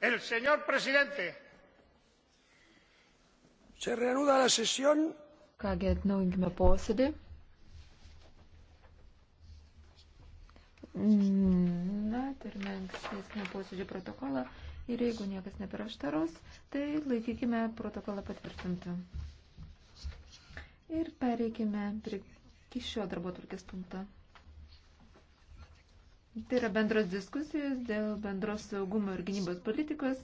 El señor presidente. Se reanuda la sesión. Kągi atnaujinkime posėdį. Mm, na, turime ankstesnio posėdžio protokolą ir jeigu niekas neprieštaros, tai laikykime protokolą patvirtintą. Ir pereikime prie šio darbo turkės punktą. Tai yra bendros diskusijos dėl bendros saugumo ir gynybos politikos,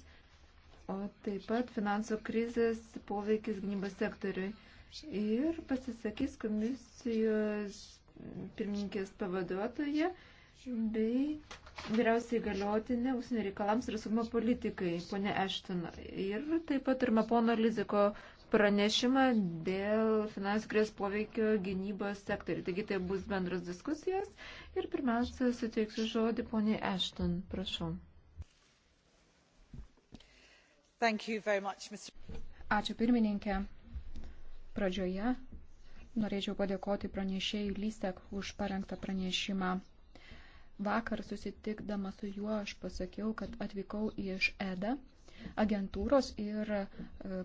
o taip pat finansų krizės poveikis gynybos sektoriui. Ir pasisakys komisijos pirmininkės pavaduotoje bei vyriausiai galiotinė užsienio reikalams ir saugumo politikai, ponė Ešton. Ir taip pat ir Mapono Liziko pranešimą dėl finansų krizės poveikio gynybos sektoriui. Taigi tai bus bendros diskusijos ir pirmiausia suteiksiu žodį poniai Ashton. Prašau. Much, Mr... Ačiū pirmininkė. Pradžioje norėčiau padėkoti pranešėjui Lysek už parengtą pranešimą. Vakar susitikdama su juo aš pasakiau, kad atvykau iš EDA agentūros ir e,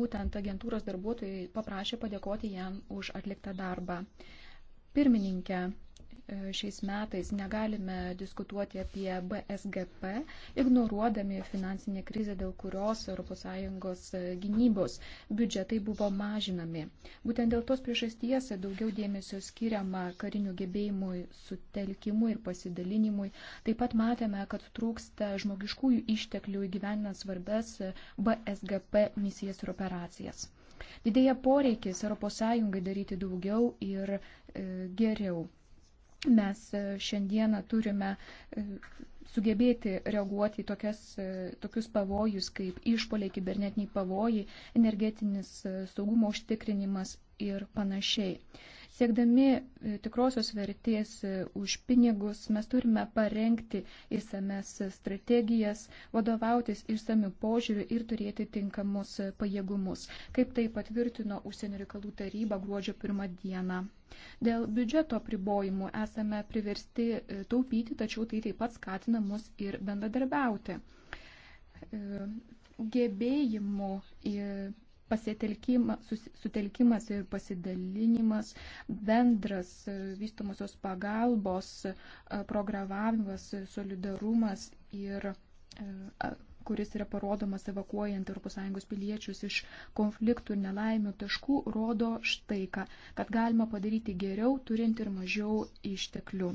būtent agentūros darbuotojai paprašė padėkoti jam už atliktą darbą. Pirmininkė, E, šiais metais negalime diskutuoti apie BSGP, ignoruodami finansinę krizę, dėl kurios ES e, gynybos biudžetai buvo mažinami. Būtent dėl tos priežasties daugiau dėmesio skiriama karinių gebėjimų sutelkimui ir pasidalinimui. Taip pat matėme, kad trūksta žmogiškųjų išteklių įgyveninant svarbes e, BSGP misijas ir operacijas. Didėja poreikis ES daryti daugiau ir e, geriau mes e, šiandieną turime e, sugebėti reaguoti į tokias, e, tokius pavojus kaip išpoliai, kibernetiniai pavojai, energetinis saugumo užtikrinimas ir panašiai. Siekdami e, tikrosios vertės e, už pinigus mes turime parengti įsames strategijas, vadovautis įsamių požiūrių ir turėti tinkamus e, pajėgumus, kaip tai patvirtino užsienio reikalų taryba gruodžio pirmą dieną. Dėl biudžeto pribojimų esame priversti taupyti, tačiau tai taip pat skatina mus ir bendradarbiauti. Gebėjimų sutelkimas ir pasidalinimas, bendras e, vystomosios pagalbos e, programavimas, e, solidarumas ir kuris yra parodomas evakuojant ES piliečius iš konfliktų ir nelaimių taškų, rodo štai ką, kad galima padaryti geriau, turint ir mažiau išteklių.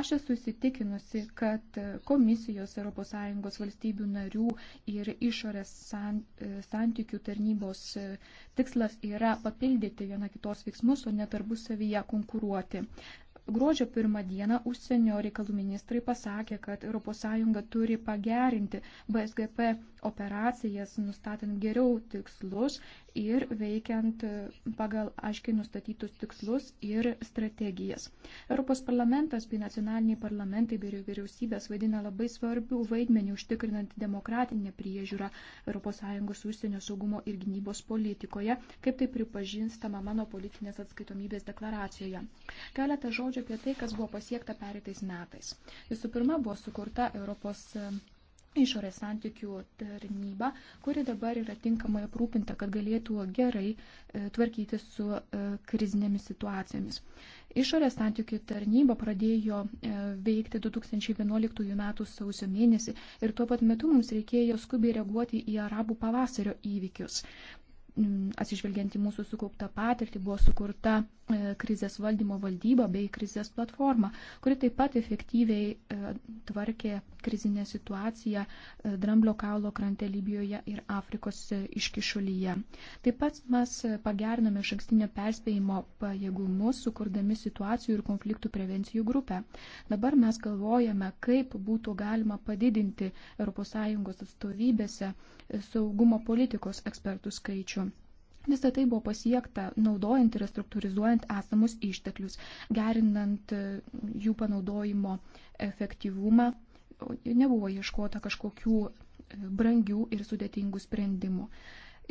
Aš esu įsitikinusi, kad komisijos ES valstybių narių ir išorės san, e, santykių tarnybos e, tikslas yra papildyti viena kitos veiksmus, o ne tarpusavyje konkuruoti. Gruodžio pirmą dieną užsienio reikalų ministrai pasakė, kad ES turi pagerinti BSGP operacijas, nustatant geriau tikslus ir veikiant pagal aiškiai nustatytus tikslus ir strategijas. Europos parlamentas bei nacionaliniai parlamentai bei vyriausybės vaidina labai svarbių vaidmenį užtikrinant demokratinę priežiūrą ES užsienio saugumo ir gynybos politikoje, kaip tai pripažinstama mano politinės atskaitomybės deklaracijoje. Keletą žodžių apie tai, kas buvo pasiekta pereitais metais. Visų pirma, buvo sukurta Europos išorės santykių tarnyba, kuri dabar yra tinkamai aprūpinta, kad galėtų gerai e, tvarkyti su e, krizinėmis situacijomis. Išorės santykių tarnyba pradėjo e, veikti 2011 m. sausio mėnesį ir tuo pat metu mums reikėjo skubiai reaguoti į arabų pavasario įvykius. Mm, atsižvelgiant į mūsų sukauptą patirtį, buvo sukurta E, krizės valdymo valdyba bei krizės platforma, kuri taip pat efektyviai e, tvarkė krizinę situaciją e, Dramblio kaulo krante Libijoje ir Afrikos iškišulyje. Taip pat mes pagername šankstinio perspėjimo pajėgumus, sukurdami situacijų ir konfliktų prevencijų grupę. Dabar mes galvojame, kaip būtų galima padidinti ES atstovybėse saugumo politikos ekspertų skaičių. Visą tai buvo pasiekta naudojant ir restruktūrizuojant esamus išteklius, gerinant e, jų panaudojimo efektyvumą. Nebuvo ieškota kažkokių e, brangių ir sudėtingų sprendimų.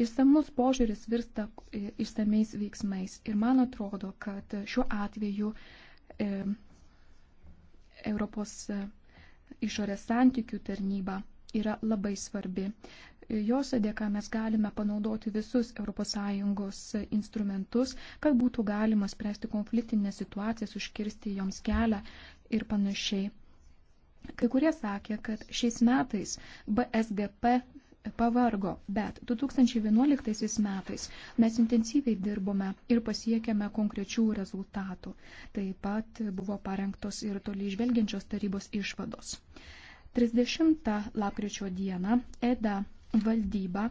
Išsamus požiūris virsta e, išsameis veiksmais. Ir man atrodo, kad šiuo atveju e, Europos išorės santykių tarnyba yra labai svarbi. Jos dėka mes galime panaudoti visus ES instrumentus, kad būtų galima spręsti konfliktinės situacijas, užkirsti joms kelią ir panašiai. Kai kurie sakė, kad šiais metais BSGP pavargo, bet 2011 metais mes intensyviai dirbome ir pasiekėme konkrečių rezultatų. Taip pat buvo parengtos ir toli išvelgiančios tarybos išvados. 30 lapkričio dieną EDA valdyba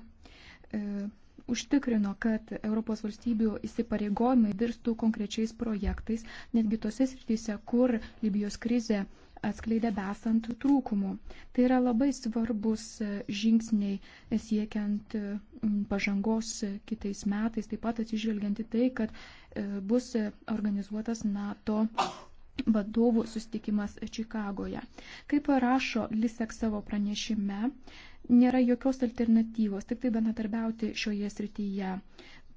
e, užtikrino, kad Europos valstybių įsipareigojimai virstų konkrečiais projektais, netgi tose srityse, kur Libijos krizė atskleidė besant trūkumų. Tai yra labai svarbus e, žingsniai e, siekiant pažangos kitais metais, taip pat atsižvelgianti tai, kad bus organizuotas NATO vadovų sustikimas Čikagoje. Kaip rašo Lisek savo pranešime, nėra jokios alternatyvos, tik tai bendradarbiauti šioje srityje.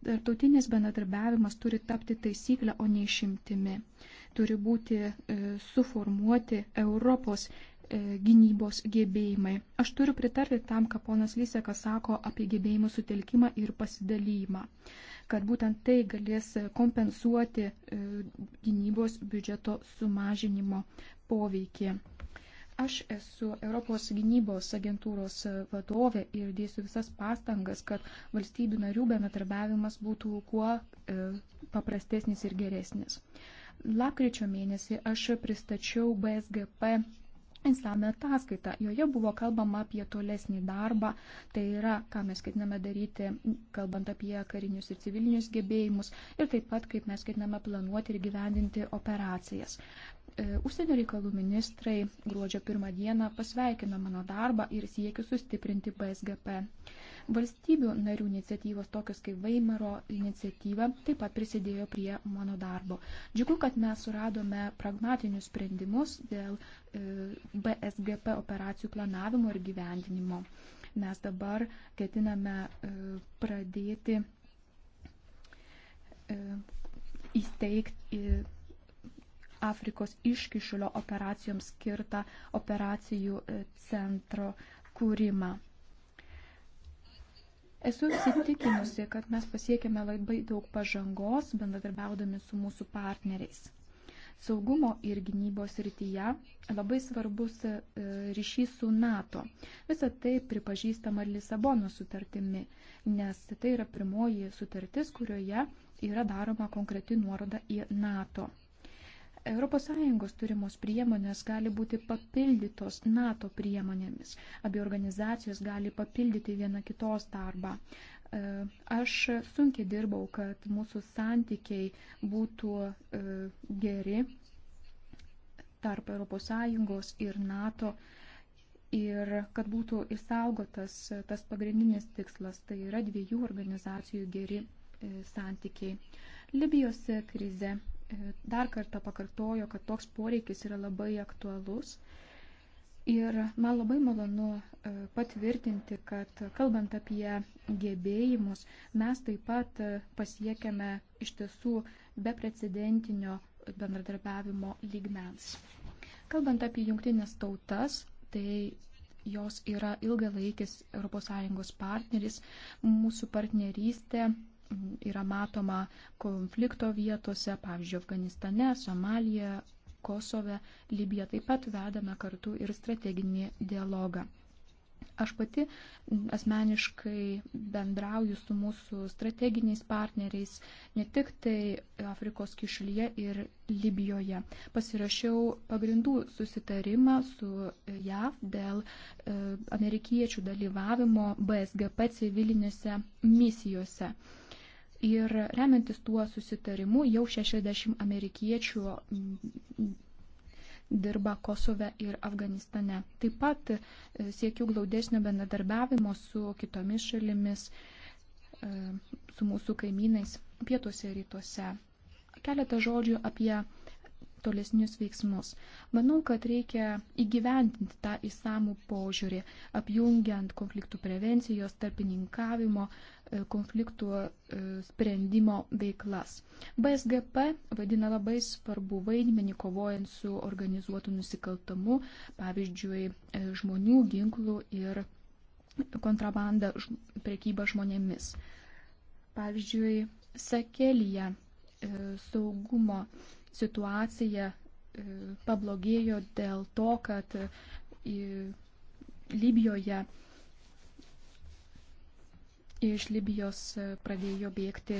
Tartautinis bendradarbiavimas turi tapti taisyklę, o ne išimtimi. Turi būti e, suformuoti Europos E, gynybos gebėjimai. Aš turiu pritarti tam, ką ponas Lysekas sako apie gebėjimų sutelkimą ir pasidalymą, kad būtent tai galės kompensuoti e, gynybos biudžeto sumažinimo poveikį. Aš esu Europos gynybos agentūros vadovė ir dėsiu visas pastangas, kad valstybių narių bendradarbiavimas būtų kuo e, paprastesnis ir geresnis. Lapkričio mėnesį aš pristačiau BSGP Insame ataskaita. Joje buvo kalbama apie tolesnį darbą, tai yra, ką mes ketiname daryti, kalbant apie karinius ir civilinius gebėjimus ir taip pat, kaip mes ketiname planuoti ir gyvendinti operacijas. E, užsienio reikalų ministrai gruodžio pirmą dieną pasveikino mano darbą ir siekiu sustiprinti BSGP. Valstybių narių iniciatyvos, tokios kaip Veimaro iniciatyva, taip pat prisidėjo prie mano darbo. Džiugu, kad mes suradome pragmatinius sprendimus dėl e, BSGP operacijų planavimo ir gyvendinimo. Mes dabar ketiname e, pradėti e, įsteigti Afrikos iškišulio operacijoms skirtą operacijų centro kūrimą. Esu įsitikinusi, kad mes pasiekėme labai daug pažangos, bendradarbiaudami su mūsų partneriais. Saugumo ir gynybos rytyje labai svarbus e, ryšys su NATO. Visą tai pripažįstama ir Lisabono sutartimi, nes tai yra pirmoji sutartis, kurioje yra daroma konkreti nuoroda į NATO. ES turimos priemonės gali būti papildytos NATO priemonėmis. Abi organizacijos gali papildyti viena kitos darbą. E, aš sunkiai dirbau, kad mūsų santykiai būtų e, geri tarp ES ir NATO ir kad būtų išsaugotas tas pagrindinis tikslas, tai yra dviejų organizacijų geri e, santykiai. Libijos krize E, dar kartą pakartojo, kad toks poreikis yra labai aktualus. Ir man labai malonu e, patvirtinti, kad kalbant apie gebėjimus, mes taip pat e, pasiekėme iš tiesų beprecedentinio bendradarbiavimo lygmens. Kalbant apie jungtinės tautas, tai jos yra ilgalaikis ES partneris, mūsų partnerystė yra matoma konflikto vietose, pavyzdžiui, Afganistane, Somalija, Kosove, Libija. Taip pat vedame kartu ir strateginį dialogą. Aš pati asmeniškai bendrauju su mūsų strateginiais partneriais ne tik tai Afrikos kišlyje ir Libijoje. Pasirašiau pagrindų susitarimą su JAV dėl e, amerikiečių dalyvavimo BSGP civilinėse misijose. Ir remiantis tuo susitarimu, jau 60 amerikiečių mm, dirba Kosove ir Afganistane. Taip pat e, siekiu glaudesnio bendradarbiavimo su kitomis šalimis, e, su mūsų kaimynais pietuose ir rytuose. Keletą žodžių apie tolesnius veiksmus. Manau, kad reikia įgyventinti tą įsamų požiūrį, apjungiant konfliktų prevencijos, tarpininkavimo, e, konfliktų e, sprendimo veiklas. BSGP vaidina labai svarbu vaidmenį kovojant su organizuotu nusikaltamu, pavyzdžiui, e, žmonių, ginklų ir kontrabandą prekybą žmonėmis. Pavyzdžiui, Sakelyje saugumo situacija e, pablogėjo dėl to, kad e, Libijoje iš Libijos e, pradėjo bėgti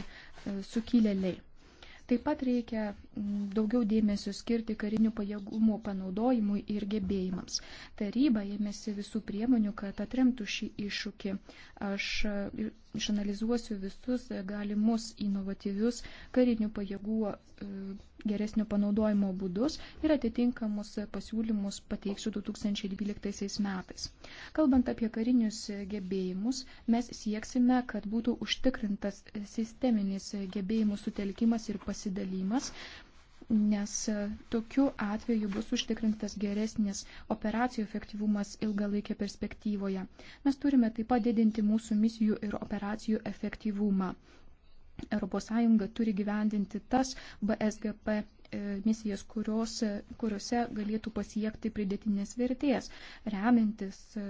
sukilėliai. Taip pat reikia daugiau dėmesio skirti karinių pajėgumų panaudojimui ir gebėjimams. Taryba ėmėsi visų priemonių, kad atremtų šį iššūkį. Aš išanalizuosiu visus galimus inovatyvius karinių pajėgų geresnio panaudojimo būdus ir atitinkamus pasiūlymus pateiksiu 2012 metais. Kalbant apie karinius gebėjimus, mes sieksime, kad būtų užtikrintas sisteminis gebėjimų sutelkimas ir pasidalymas, nes tokiu atveju bus užtikrintas geresnis operacijų efektyvumas ilgalaikė perspektyvoje. Mes turime taip pat didinti mūsų misijų ir operacijų efektyvumą. ES turi gyvendinti tas BSGP e, misijas, kurios, e, kuriuose galėtų pasiekti pridėtinės vertės, remintis e,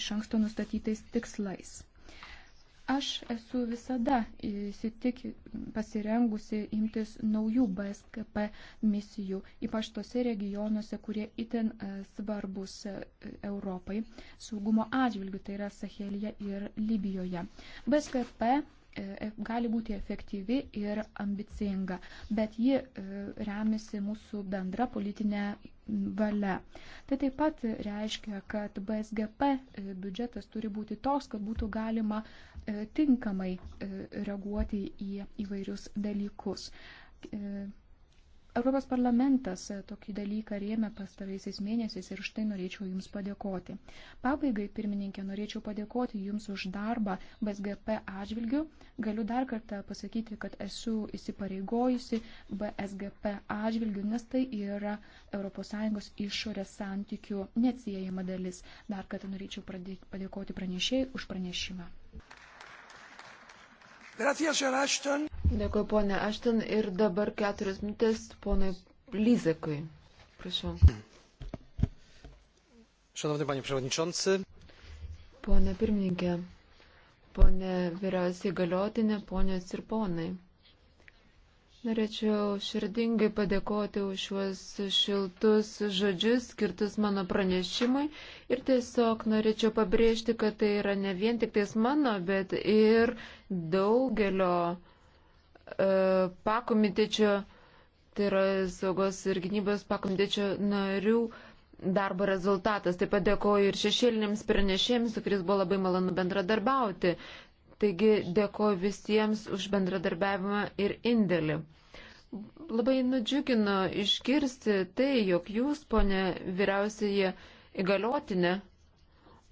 iš anksto nustatytais tikslais. Aš esu visada įsitik pasirengusi imtis naujų BSKP misijų, ypač tose regionuose, kurie itin svarbus Europai saugumo atžvilgių, tai yra Sahelija ir Libijoje. BSKP E, e, gali būti efektyvi ir ambicinga, bet ji e, remiasi mūsų bendra politinė valia. Tai taip pat reiškia, kad BSGP biudžetas turi būti toks, kad būtų galima tinkamai reaguoti į įvairius dalykus Europos parlamentas tokį dalyką rėmė pastaraisiais mėnesiais ir štai norėčiau Jums padėkoti. Pabaigai, pirmininkė, norėčiau padėkoti Jums už darbą BSGP atžvilgiu. Galiu dar kartą pasakyti, kad esu įsipareigojusi BSGP atžvilgiu, nes tai yra ES išorės santykių neatsiejama dalis. Dar kartą norėčiau padėkoti pranešėjai už pranešimą. Dėkui, ponė Ašton. Ir dabar keturias minutės ponui Lizekui. Prašau. Šanovni, panie Prevodničonci. Pone pirmininkė, pone vyriausiai galiotinė, ponios ir ponai. Norėčiau širdingai padėkoti už šiuos šiltus žodžius skirtus mano pranešimui ir tiesiog norėčiau pabrėžti, kad tai yra ne vien tik tais mano, bet ir daugelio e, pakomitečio, tai yra saugos ir gynybos pakomitečio narių darbo rezultatas. Taip pat dėkoju ir šešėlinėms pranešėjams, su kuriais buvo labai malonu bendradarbiauti. Taigi dėkoju visiems už bendradarbiavimą ir indėlį labai nudžiugino išgirsti tai, jog jūs, ponė vyriausiai įgaliotinė,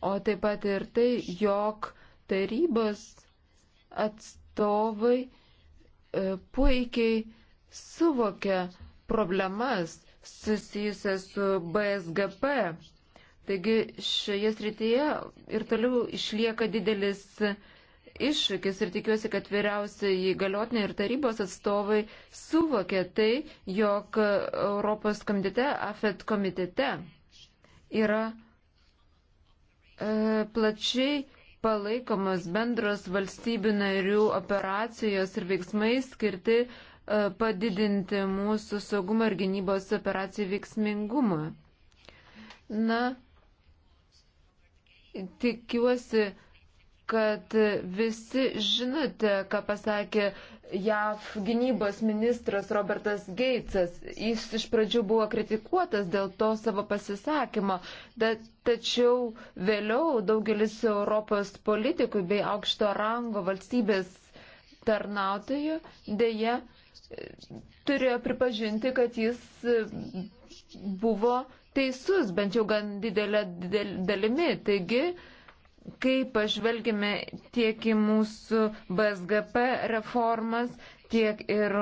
o taip pat ir tai, jog tarybos atstovai e, puikiai suvokia problemas susijusias su BSGP. Taigi šioje srityje ir toliau išlieka didelis uh, iššūkis ir tikiuosi, kad vyriausiai galiotinė ir tarybos atstovai suvokė tai, jog Europos komitete, AFET komitete yra e, plačiai palaikomos bendros valstybių narių operacijos ir veiksmai skirti e, padidinti mūsų saugumo ir gynybos operacijų veiksmingumą. Na, tikiuosi, kad visi žinote, ką pasakė JAV gynybos ministras Robertas Geitsas. Jis iš pradžių buvo kritikuotas dėl to savo pasisakymo, bet tačiau vėliau daugelis Europos politikų bei aukšto rango valstybės tarnautojų dėje turėjo pripažinti, kad jis e, buvo teisus, bent jau gan didelė dalimi. Taigi, kai pažvelgime tiek į mūsų BSGP reformas, tiek ir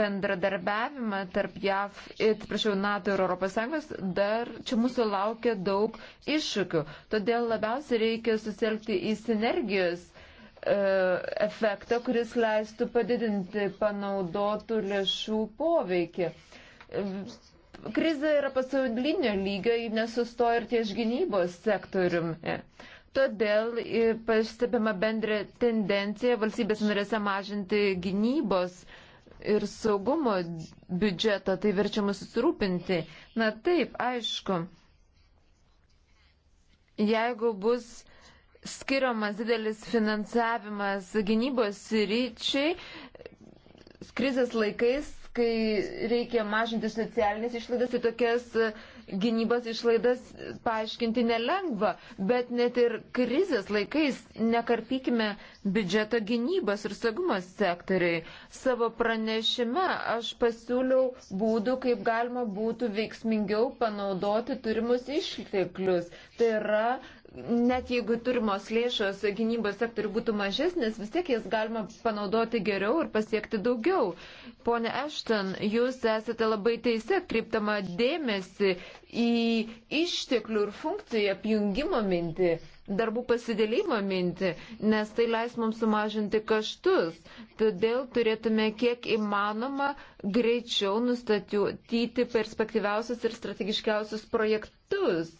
bendradarbiavimą tarp JAV, atsiprašau, NATO ir ES, dar čia mūsų laukia daug iššūkių. Todėl labiausiai reikia susitelkti į sinergijos e, efektą, kuris leistų padidinti panaudotų lėšų poveikį. Krize yra pasaulinio lygio, nesustoja ir ties gynybos sektoriumi. E. Todėl e, pastebima bendrė tendencija valstybės norėse mažinti gynybos ir saugumo biudžetą, tai verčia mus susirūpinti. Na taip, aišku, jeigu bus skiriamas didelis finansavimas gynybos ryčiai, krizės laikais, kai reikia mažinti socialinės išlaidas, tai tokias gynybos išlaidas paaiškinti nelengva, bet net ir krizės laikais nekarpykime biudžeto gynybos ir saugumos sektoriai. Savo pranešime aš pasiūliau būdų, kaip galima būtų veiksmingiau panaudoti turimus išteklius. Tai yra net jeigu turimos lėšos gynybos sektorių būtų mažesnės, vis tiek jas galima panaudoti geriau ir pasiekti daugiau. Pone Ešton, jūs esate labai teisi atkreiptama dėmesį į išteklių ir funkcijų apjungimo mintį, darbų pasidėlymo mintį, nes tai leis mums sumažinti kaštus. Todėl turėtume kiek įmanoma greičiau nustatyti perspektyviausius ir strategiškiausius projektus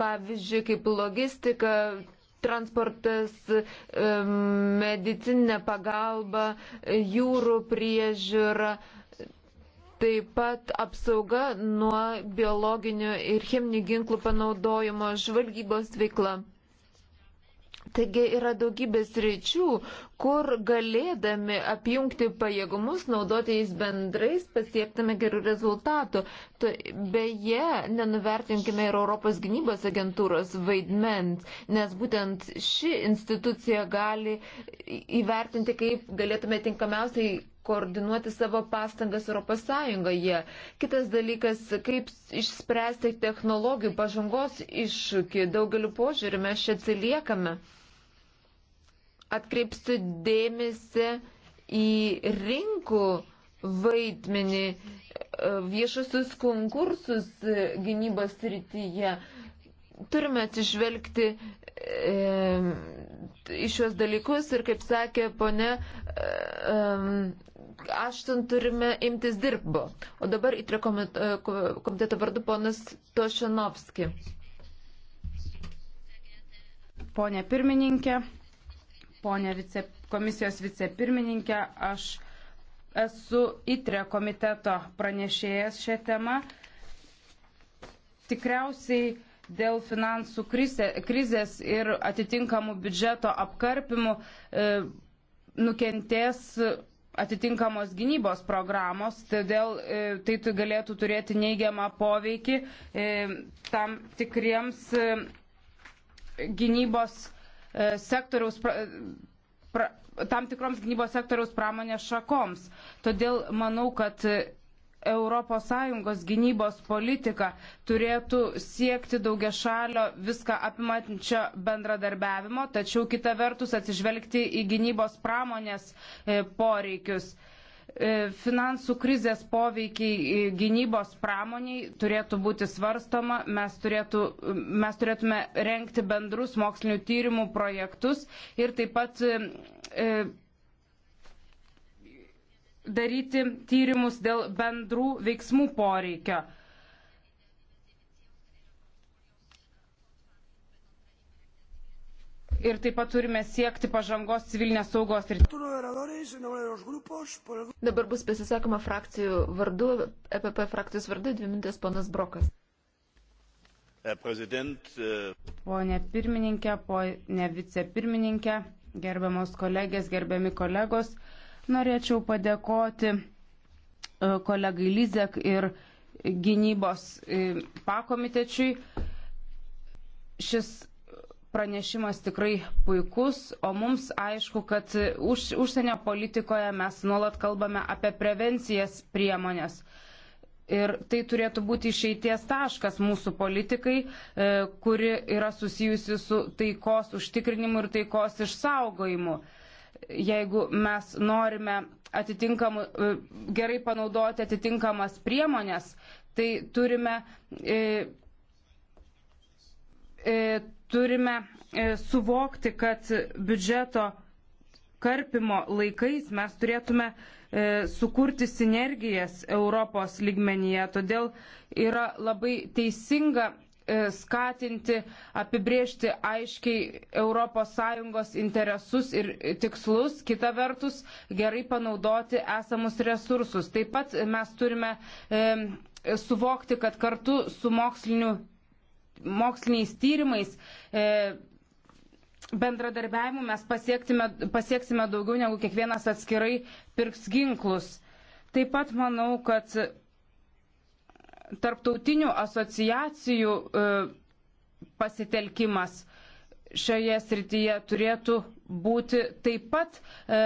pavyzdžiui, kaip logistika, transportas, medicinė pagalba, jūrų priežiūra, taip pat apsauga nuo biologinių ir cheminių ginklų panaudojimo žvalgybos veikla. Taigi yra daugybės ryčių, kur galėdami apjungti pajėgumus, naudoti jais bendrais, pasiektume gerų rezultatų. Beje, nenuvertinkime ir Europos gynybos agentūros vaidmens, nes būtent ši institucija gali įvertinti, kaip galėtume tinkamiausiai koordinuoti savo pastangas Europos Sąjungoje. Kitas dalykas, kaip išspręsti technologijų pažangos iššūkį. Daugeliu požiūriu mes čia atsiliekame atkreipsiu dėmesį į rinkų vaidmenį e, viešusius konkursus e, gynybos rytyje. Turime atsižvelgti e, į šios dalykus ir, kaip sakė ponė, e, e, aš ten turime imtis dirbo. O dabar įtrė e, komiteto vardu ponas Tošanovski. Pone pirmininkė, ponė vice, komisijos vicepirmininkė, aš esu ITRE komiteto pranešėjas šią temą. Tikriausiai dėl finansų krize, krizės ir atitinkamų biudžeto apkarpimų e, nukentės atitinkamos gynybos programos, todėl e, tai galėtų turėti neigiamą poveikį e, tam tikriems e, gynybos sektoriaus. Pra, pra, tam tikroms gynybos sektoriaus pramonės šakoms. Todėl manau, kad ES gynybos politika turėtų siekti daugia šalio viską apimatinčio bendradarbiavimo, tačiau kita vertus atsižvelgti į gynybos pramonės e, poreikius. E, finansų krizės poveikiai e, gynybos pramoniai turėtų būti svarstoma, mes, turėtų, mes turėtume renkti bendrus mokslinių tyrimų projektus ir taip pat e, e daryti tyrimus dėl bendrų veiksmų poreikio. ir taip pat turime siekti pažangos civilinės saugos. Ir... Dabar bus pasisakoma frakcijų vardu, EPP frakcijos vardu, dvi mintės ponas Brokas. Äh, pone pirmininkė, pone vicepirmininkė, gerbiamos kolegės, gerbiami kolegos, norėčiau padėkoti e, kolegai Lizek ir gynybos e, pakomitečiui. Šis pranešimas tikrai puikus, o mums aišku, kad už, užsienio politikoje mes nuolat kalbame apie prevencijas priemonės. Ir tai turėtų būti išeities taškas mūsų politikai, e, kuri yra susijusi su taikos užtikrinimu ir taikos išsaugojimu. Jeigu mes norime atitinkamų, e, gerai panaudoti atitinkamas priemonės, tai turime e, e, turime e, suvokti, kad biudžeto karpimo laikais mes turėtume e, sukurti sinergijas Europos lygmenyje. Todėl yra labai teisinga e, skatinti, apibriežti aiškiai ES interesus ir tikslus, kita vertus gerai panaudoti esamus resursus. Taip pat mes turime e, suvokti, kad kartu su moksliniu moksliniais tyrimais e, bendradarbiavimu mes pasieksime daugiau negu kiekvienas atskirai pirks ginklus. Taip pat manau, kad tarptautinių asociacijų e, pasitelkimas šioje srityje turėtų būti taip pat e,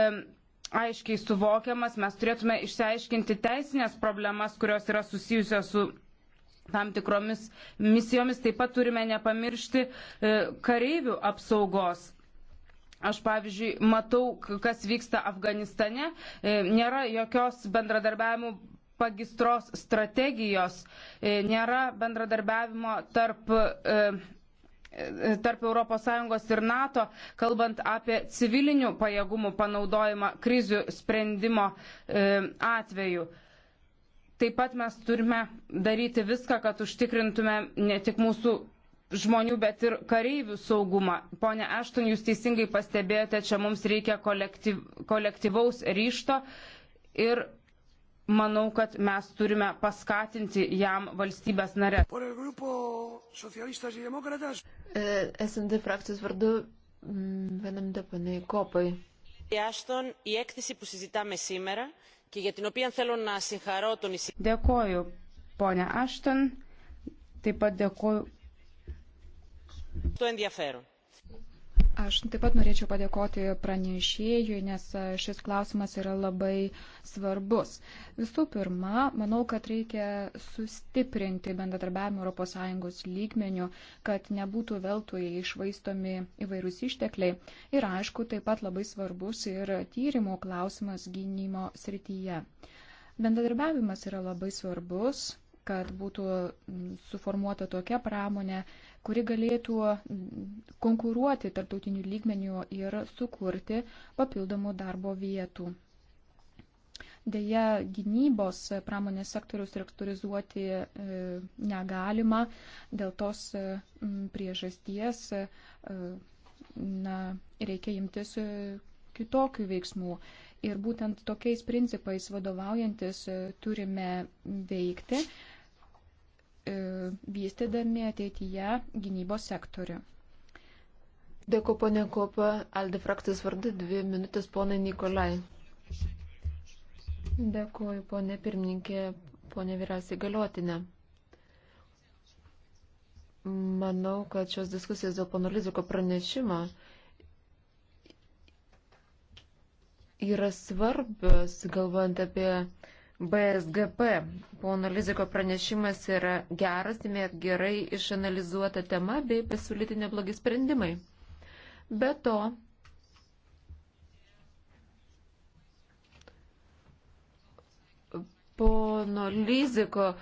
aiškiai suvokiamas. Mes turėtume išsiaiškinti teisinės problemas, kurios yra susijusios su tam tikromis misijomis. Taip pat turime nepamiršti e, kareivių apsaugos. Aš, pavyzdžiui, matau, kas vyksta Afganistane. E, nėra jokios bendradarbiavimų pagistros strategijos, e, nėra bendradarbiavimo tarp tarp ES ir NATO, kalbant apie civilinių pajėgumų panaudojimą krizių sprendimo atveju. Taip pat mes turime daryti viską, kad užtikrintume ne tik mūsų žmonių, bet ir kareivių saugumą. Pone Ašton, jūs teisingai pastebėjote, čia mums reikia kolektyv, kolektyvaus ryšto ir manau, kad mes turime paskatinti jam valstybės narę. SND e, frakcijos vardu mm, vienam depanai kopai. Η έκθεση που συζητάμε σήμερα Dėkoju, ponia Ašton. Taip pat dėkoju. Aš taip pat norėčiau padėkoti pranešėjui, nes e, šis klausimas yra labai svarbus. Visų pirma, manau, kad reikia sustiprinti bendradarbiavimą ES lygmenių, kad nebūtų veltui išvaistomi įvairūs ištekliai. Ir aišku, taip pat labai svarbus ir tyrimų klausimas gynimo srityje. Bendradarbiavimas yra labai svarbus, kad būtų suformuota tokia pramonė, kuri galėtų mm, konkuruoti tarptautiniu lygmeniu ir sukurti papildomų darbo vietų. Deja, gynybos pramonės sektorius rektorizuoti e, negalima dėl tos e, priežasties e, na, reikia imtis kitokių veiksmų. Ir būtent tokiais principais vadovaujantis turime veikti, E, vystydami ateityje gynybos sektorių. Dėkuoju, ponė Kopa, Aldi frakcijos vardu, dvi minutės, ponė Nikolai. Dėkuoju, ponė pirmininkė, ponė vyriausiai galiotinė. Manau, kad šios diskusijos dėl pono Liziko pranešimo yra svarbios, galvojant apie BSGP. Pono Liziko pranešimas yra geras, jame gerai išanalizuota tema bei pasiūlyti neblogi sprendimai. Be to, pono Liziko e,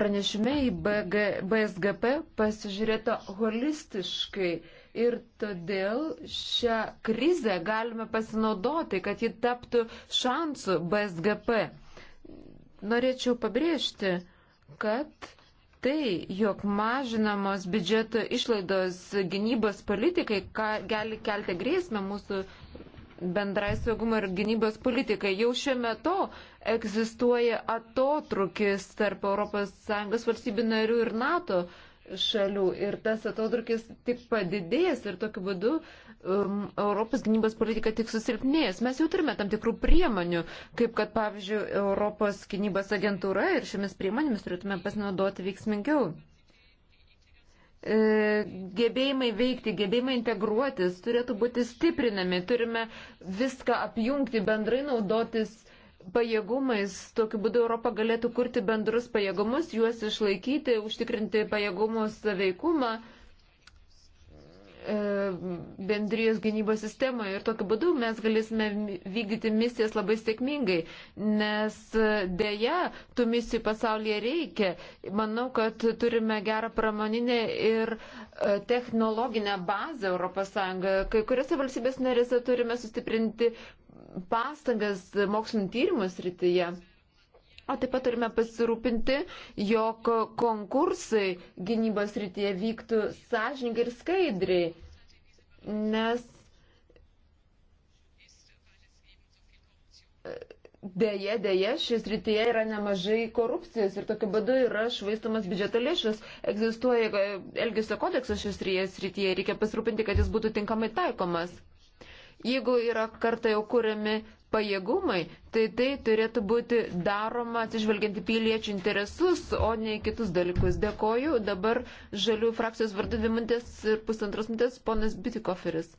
pranešime į BG, BSGP pasižiūrėta holistiškai ir todėl šią krizę galime pasinaudoti, kad ji taptų šansų BSGP norėčiau pabrėžti, kad tai, jog mažinamos biudžeto išlaidos gynybos politikai, ką gali kelti grėsmę mūsų bendrai saugumo ir gynybos politikai. Jau šiuo metu egzistuoja atotrukis tarp ES valstybių narių ir NATO šalių ir tas atotrukis tik padidės ir tokiu būdu um, Europos gynybos politika tik susilpnės. Mes jau turime tam tikrų priemonių, kaip kad pavyzdžiui Europos gynybos agentūra ir šiomis priemonėmis turėtume pasinaudoti veiksmingiau. E, gebėjimai veikti, gebėjimai integruotis turėtų būti stiprinami, turime viską apjungti, bendrai naudotis pajėgumais. Tokiu būdu Europa galėtų kurti bendrus pajėgumus, juos išlaikyti, užtikrinti pajėgumų saveikumą e, bendrijos gynybos sistemoje ir tokiu būdu mes galėsime vykdyti misijas labai sėkmingai, nes e, dėja tų misijų pasaulyje reikia. Manau, kad turime gerą pramoninę ir e, technologinę bazę ES. Kai kuriuose valstybės narėse turime sustiprinti pastangas mokslinio tyrimų srityje. O taip pat turime pasirūpinti, jog konkursai gynybos rytyje vyktų sąžininkai ir skaidriai, nes dėje, dėje, šis rytyje yra nemažai korupcijos ir tokiu būdu yra švaistamas biudžeto lėšas. Egzistuoja e, Elgesio kodeksas šis rytyje, reikia pasirūpinti, kad jis būtų tinkamai taikomas. Jeigu yra kartą jau kuriami pajėgumai, tai tai turėtų būti daroma atsižvelgiant į piliečių interesus, o ne į kitus dalykus. Dėkoju. Dabar žalių frakcijos vardu dvi minutės ir pusantros minutės ponas Bitikoferis.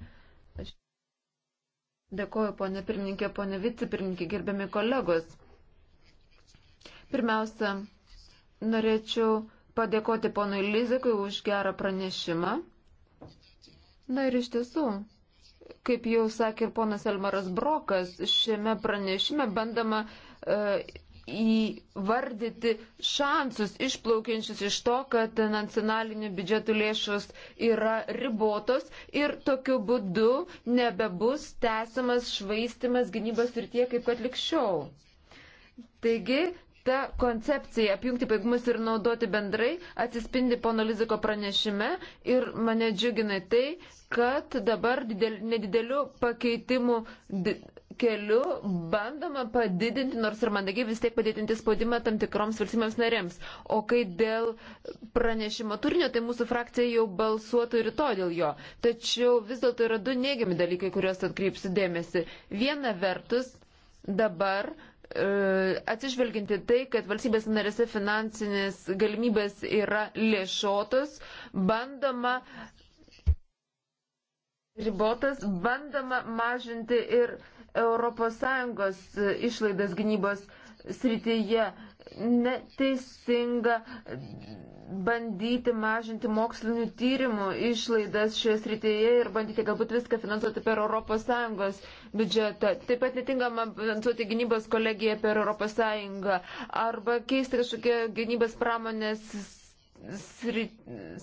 Dėkoju, ponė pirmininkė, ponė vicepirmininkė, gerbiami kolegos. Pirmiausia, norėčiau padėkoti ponui Lizikui už gerą pranešimą. Na ir iš tiesų, Kaip jau sakė ir ponas Elmaras Brokas, šiame pranešime bandama uh, įvardyti šansus išplaukiančius iš to, kad nacionalinių biudžetų lėšos yra ribotos ir tokiu būdu nebebus tęsiamas švaistimas gynybos ir tie kaip atlikščiau. Taigi ta koncepcija apjungti pajėgumus ir naudoti bendrai atsispindi pono Liziko pranešime ir mane džiugina tai, kad dabar didel, nedidelių pakeitimų keliu bandoma padidinti, nors ir mandagiai vis tiek padidinti spaudimą tam tikroms valstybėms narėms. O kai dėl pranešimo turinio, tai mūsų frakcija jau balsuotų rytoj dėl jo. Tačiau vis dėlto yra du neigiami dalykai, kuriuos atkreipsiu dėmesį. Viena vertus, dabar uh, E, atsižvelginti tai, kad valstybės narėse finansinės galimybės yra lėšotos, bandoma ribotas, bandoma mažinti ir ES išlaidas gynybos srityje neteisinga bandyti mažinti mokslinių tyrimų išlaidas šioje srityje ir bandyti galbūt viską finansuoti per ES biudžetą. Taip pat netinkama finansuoti gynybos kolegiją per ES arba keisti kažkokią gynybos pramonės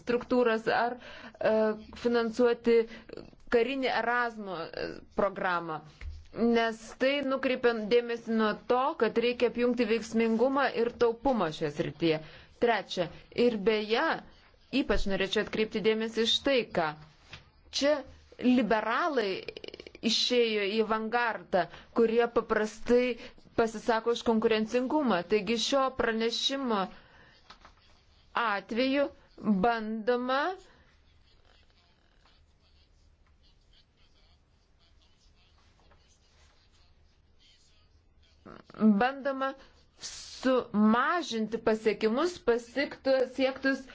struktūras ar e, finansuoti karinį Erasmo programą nes tai nukreipia dėmesį nuo to, kad reikia apjungti veiksmingumą ir taupumą šioje srityje. Trečia, ir beje, ypač norėčiau atkreipti dėmesį iš tai, ką čia liberalai išėjo į avangardą, kurie paprastai pasisako už konkurencingumą. Taigi šio pranešimo atveju bandoma bandoma sumažinti pasiekimus pasiektus e,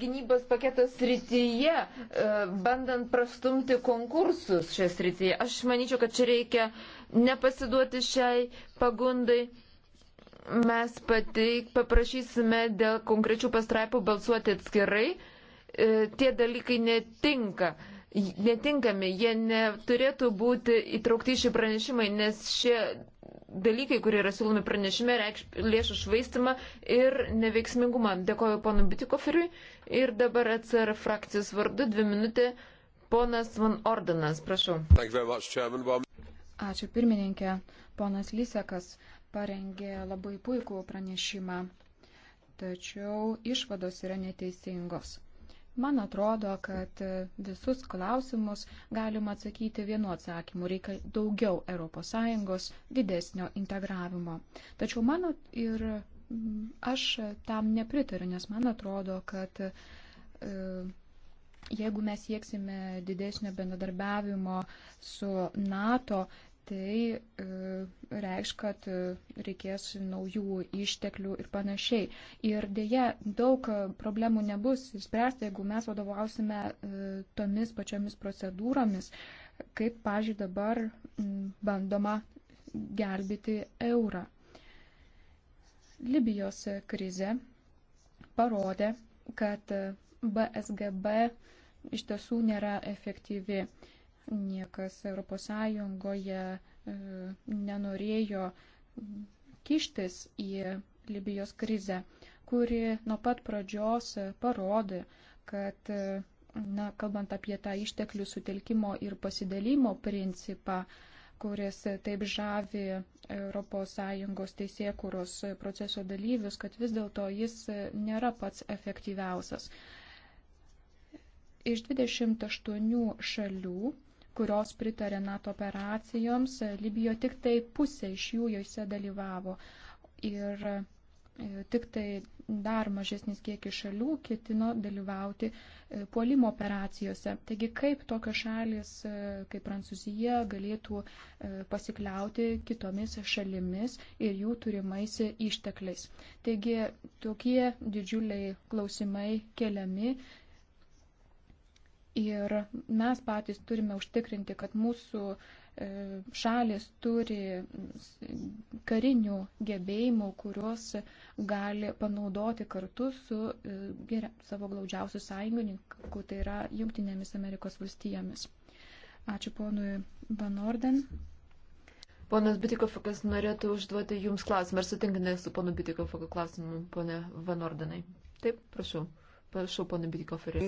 gynybos paketos srityje, e, bandant prastumti konkursus šią srityje. Aš manyčiau, kad čia reikia nepasiduoti šiai pagundai. Mes pateik, paprašysime dėl konkrečių pastraipų balsuoti atskirai. E, tie dalykai netinka netinkami, jie neturėtų būti įtraukti į šį pranešimą, nes šie dalykai, kurie yra siūlomi pranešime, reikš lėšų švaistimą ir neveiksmingumą. Dėkoju ponu Bitikoferiui ir dabar atsar frakcijos vardu dvi minutė ponas Van Ordenas, prašau. Ačiū pirmininkė. Ponas Lysekas parengė labai puikų pranešimą, tačiau išvados yra neteisingos. Man atrodo, kad visus klausimus galima atsakyti vienu atsakymu. Reikia daugiau ES, didesnio integravimo. Tačiau mano ir aš tam nepritariu, nes man atrodo, kad e, jeigu mes sieksime didesnio bendradarbiavimo su NATO, tai e, reikš, kad e, reikės naujų išteklių ir panašiai. Ir dėje daug e, problemų nebus išspręsta, jeigu mes vadovausime tomis pačiomis procedūromis, kaip, pažiūrėjau, dabar bandoma gelbėti eurą. Libijos krize parodė, kad BSGB iš tiesų nėra efektyvi Niekas ES e, nenorėjo kištis į Libijos krizę, kuri nuo pat pradžios parodė, kad, e, na, kalbant apie tą išteklių sutelkimo ir pasidalymo principą, kuris taip žavi ES teisėkūros proceso dalyvius, kad vis dėlto jis nėra pats efektyviausias. Iš 28 šalių kurios pritarė NATO operacijoms. Libijoje tik tai pusė iš jų juose dalyvavo. Ir e, tik tai dar mažesnis kiekis šalių ketino dalyvauti e, puolimo operacijose. Taigi kaip tokios šalis e, kaip Prancūzija galėtų pasikliauti kitomis šalimis ir jų turimais ištekliais. Taigi tokie didžiuliai klausimai keliami Ir mes patys turime užtikrinti, kad mūsų e, šalis turi karinių gebėjimų, kuriuos gali panaudoti kartu su e, geria, savo glaudžiausiu sąjungininku, tai yra Junktinėmis Amerikos valstijomis. Ačiū ponui Van Orden. Ponas Bitikofakas norėtų užduoti Jums klausimą. Ar sutinkate su ponu Bitikofaku klausimu, pone Van Ordenai? Taip, prašau. Prašau, pana Bitikoferi.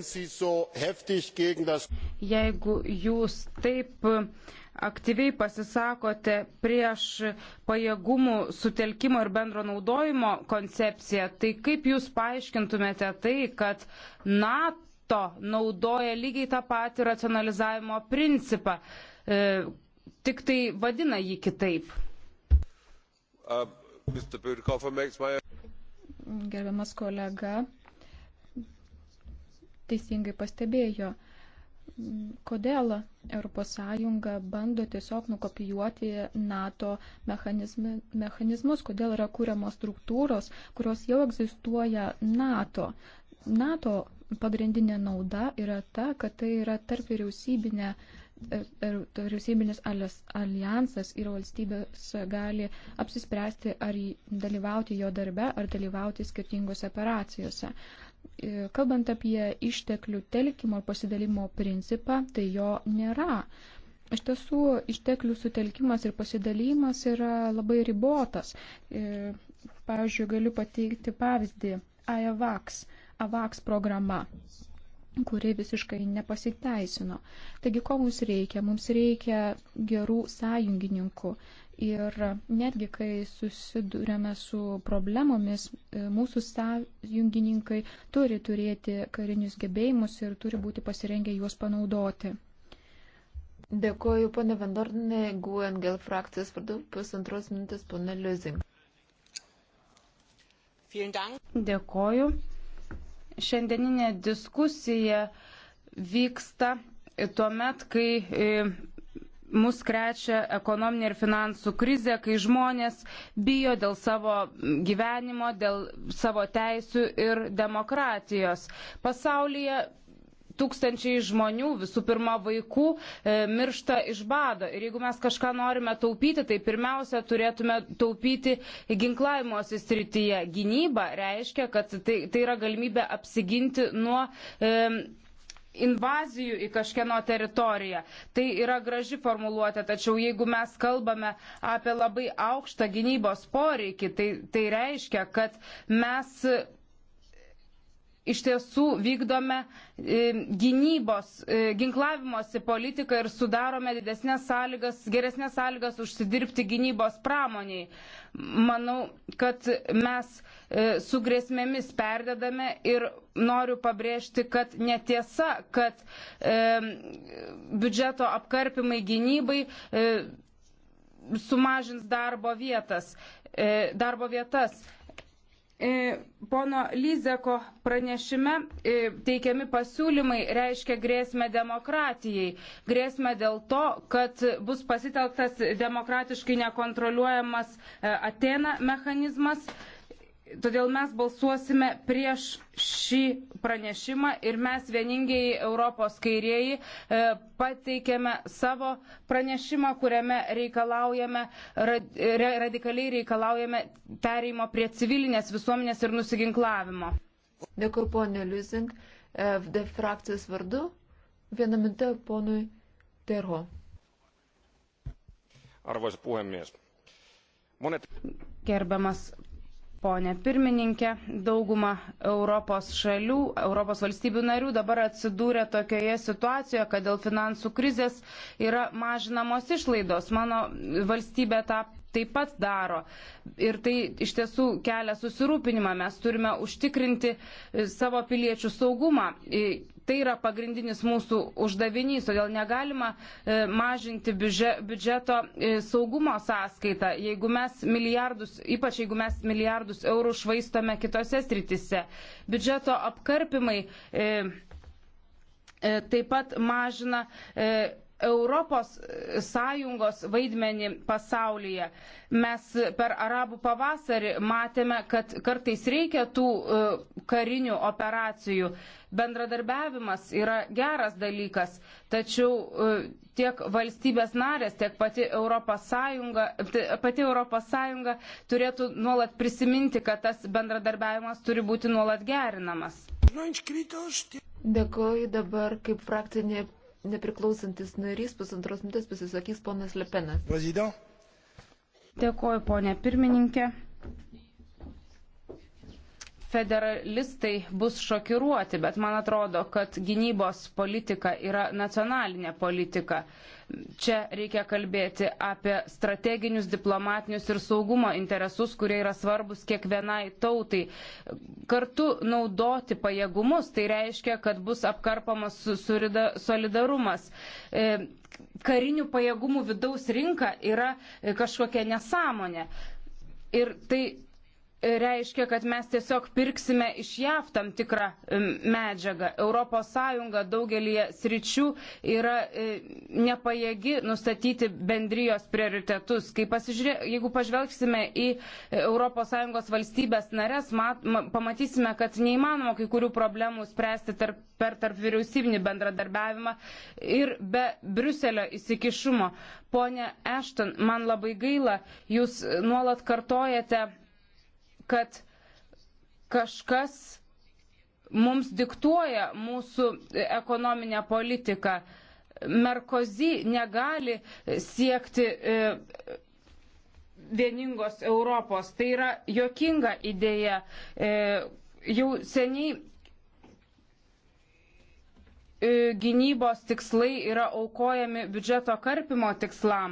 Jeigu jūs taip aktyviai pasisakote prieš pajėgumų sutelkimo ir bendro naudojimo koncepciją, tai kaip jūs paaiškintumėte tai, kad NATO naudoja lygiai tą patį racionalizavimo principą, e, tik tai vadina jį kitaip? Uh, Gerbiamas kolega, teisingai pastebėjo, kodėl ES bando tiesiog nukopijuoti NATO mechanizmus, kodėl yra kūriamos struktūros, kurios jau egzistuoja NATO. NATO pagrindinė nauda yra ta, kad tai yra tarp vyriausybinė e, e, vyriausybinis alijansas ir valstybės gali apsispręsti ar dalyvauti jo darbe, ar dalyvauti skirtingose operacijose. E, kalbant apie išteklių telkimo ir pasidalimo principą, tai jo nėra. Iš tiesų, išteklių sutelkimas ir pasidalymas yra labai ribotas. E, pavyzdžiui, galiu pateikti pavyzdį AEVAX, AVAX programa, kuri visiškai nepasiteisino. Taigi, ko mums reikia? Mums reikia gerų sąjungininkų. Ir netgi, kai susidurėme su problemomis, e, mūsų sąjungininkai turi turėti karinius gebėjimus ir turi būti pasirengę juos panaudoti. Dėkoju, pane Vandorne, GUNGL frakcijos vardu pusantros minutės, pane Liuzing. Dėkoju. Šiandieninė diskusija vyksta tuo met, kai e, mus krečia ekonominė ir finansų krizė, kai žmonės bijo dėl savo gyvenimo, dėl savo teisų ir demokratijos. Pasaulyje tūkstančiai žmonių, visų pirma vaikų, e, miršta iš bado. Ir jeigu mes kažką norime taupyti, tai pirmiausia turėtume taupyti ginklavimuose srityje. Gynyba reiškia, kad tai, tai yra galimybė apsiginti nuo. E, invazijų į kažkieno teritoriją. Tai yra graži formuluotė, tačiau jeigu mes kalbame apie labai aukštą gynybos poreikį, tai, tai reiškia, kad mes iš tiesų vykdome e, gynybos, e, ginklavimosi politiką ir sudarome didesnės sąlygas, geresnės sąlygas užsidirbti gynybos pramoniai. Manau, kad mes e, su grėsmėmis perdedame ir noriu pabrėžti, kad netiesa, kad e, biudžeto apkarpimai gynybai e, sumažins darbo vietas. E, darbo vietas. E, pono Lyzeko pranešime e, teikiami pasiūlymai reiškia grėsmę demokratijai. Grėsmę dėl to, kad bus pasitelktas demokratiškai nekontroliuojamas e, Atena mechanizmas. Todėl mes balsuosime prieš šį pranešimą ir mes vieningiai Europos kairieji e, pateikėme savo pranešimą, kuriame reikalaujame, radikaliai reikalaujame pereimo prie civilinės visuomenės ir nusiginklavimo. Dėkui, ponė Liuzink. FD e, frakcijos vardu. Vieną minutę ponui Terho. Arvoisa puhemies. Monet... Gerbiamas Pone pirmininkė, dauguma Europos šalių, Europos valstybių narių dabar atsidūrė tokioje situacijoje, kad dėl finansų krizės yra mažinamos išlaidos. Mano valstybė tą taip pat daro. Ir tai iš tiesų kelia susirūpinimą. Mes turime užtikrinti savo piliečių saugumą tai yra pagrindinis mūsų uždavinys, todėl negalima e, mažinti biudžeto e, saugumo sąskaitą, jeigu mes milijardus, ypač jeigu mes milijardus eurų švaistome kitose sritise. Biudžeto apkarpimai e, taip pat mažina Europos e, Sąjungos vaidmenį pasaulyje. Mes per arabų pavasarį matėme, kad kartais reikia tų e, karinių operacijų. Bendradarbiavimas yra geras dalykas, tačiau e, tiek valstybės narės, tiek pati Europos Sąjunga, pati Europos Sąjunga turėtų nuolat prisiminti, kad tas bendradarbiavimas turi būti nuolat gerinamas. Dėkoju dabar kaip praktinė nepriklausantis narys pusantros minutės pasisakys ponas Lepenas. Prezident. Dėkoju, ponė pirmininkė. Federalistai bus šokiruoti, bet man atrodo, kad gynybos politika yra nacionalinė politika. Čia reikia kalbėti apie strateginius, diplomatinius ir saugumo interesus, kurie yra svarbus kiekvienai tautai. Kartu naudoti pajėgumus, tai reiškia, kad bus apkarpamas solidarumas e, karinių pajėgumų vidaus rinka yra e, kažkokia nesąmonė. Ir tai reiškia, kad mes tiesiog pirksime iš JAV tam tikrą medžiagą. ES daugelį sričių yra e, nepajėgi nustatyti bendrijos prioritetus. Pasižiūrė, jeigu pažvelgsime į ES valstybės nares, mat, pamatysime, kad neįmanoma kai kurių problemų spręsti tarp, per tarp vyriausybinį bendradarbiavimą ir be Briuselio įsikišumo. Pone Ešton, man labai gaila, jūs nuolat kartojate, kad kažkas mums diktuoja mūsų ekonominę politiką. Merkozy negali siekti e, vieningos Europos. Tai yra jokinga idėja. E, jau seniai e, gynybos tikslai yra aukojami biudžeto karpimo tikslam.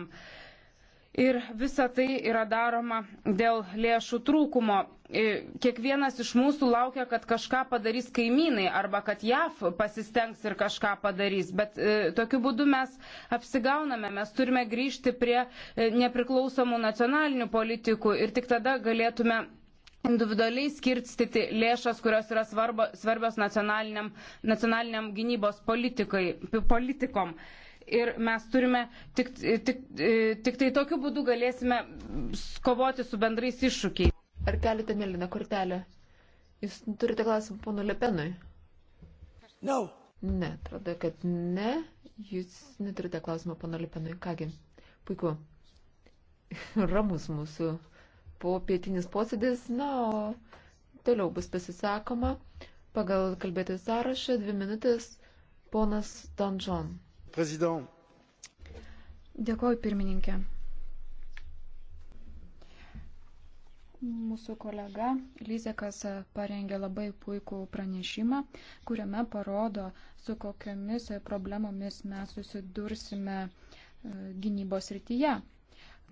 Ir visa tai yra daroma dėl lėšų trūkumo. E, kiekvienas iš mūsų laukia, kad kažką padarys kaimynai arba kad JAF pasistengs ir kažką padarys. Bet e, tokiu būdu mes apsigauname, mes turime grįžti prie e, nepriklausomų nacionalinių politikų ir tik tada galėtume individualiai skirstyti lėšas, kurios yra svarba, svarbios nacionaliniam, nacionaliniam gynybos politikai, politikom. E, ir mes turime tik, tik, e, tik tai tokiu būdu galėsime kovoti su bendrais iššūkiais. Ar galite mėlyną kortelę? Jūs turite klausimą pono Lepenui? No. Ne, atrodo, kad ne. Jūs neturite klausimą pono Lepenui. Kągi, puiku. Ramus mūsų po pietinis posėdis. Na, o toliau bus pasisakoma. Pagal kalbėtojų sąrašą dvi minutės ponas Donžon. Président. Dėkoju pirmininkė. Mūsų kolega Lyzekas parengė labai puikų pranešimą, kuriame parodo, su kokiamis problemomis mes susidursime e, gynybos rytyje.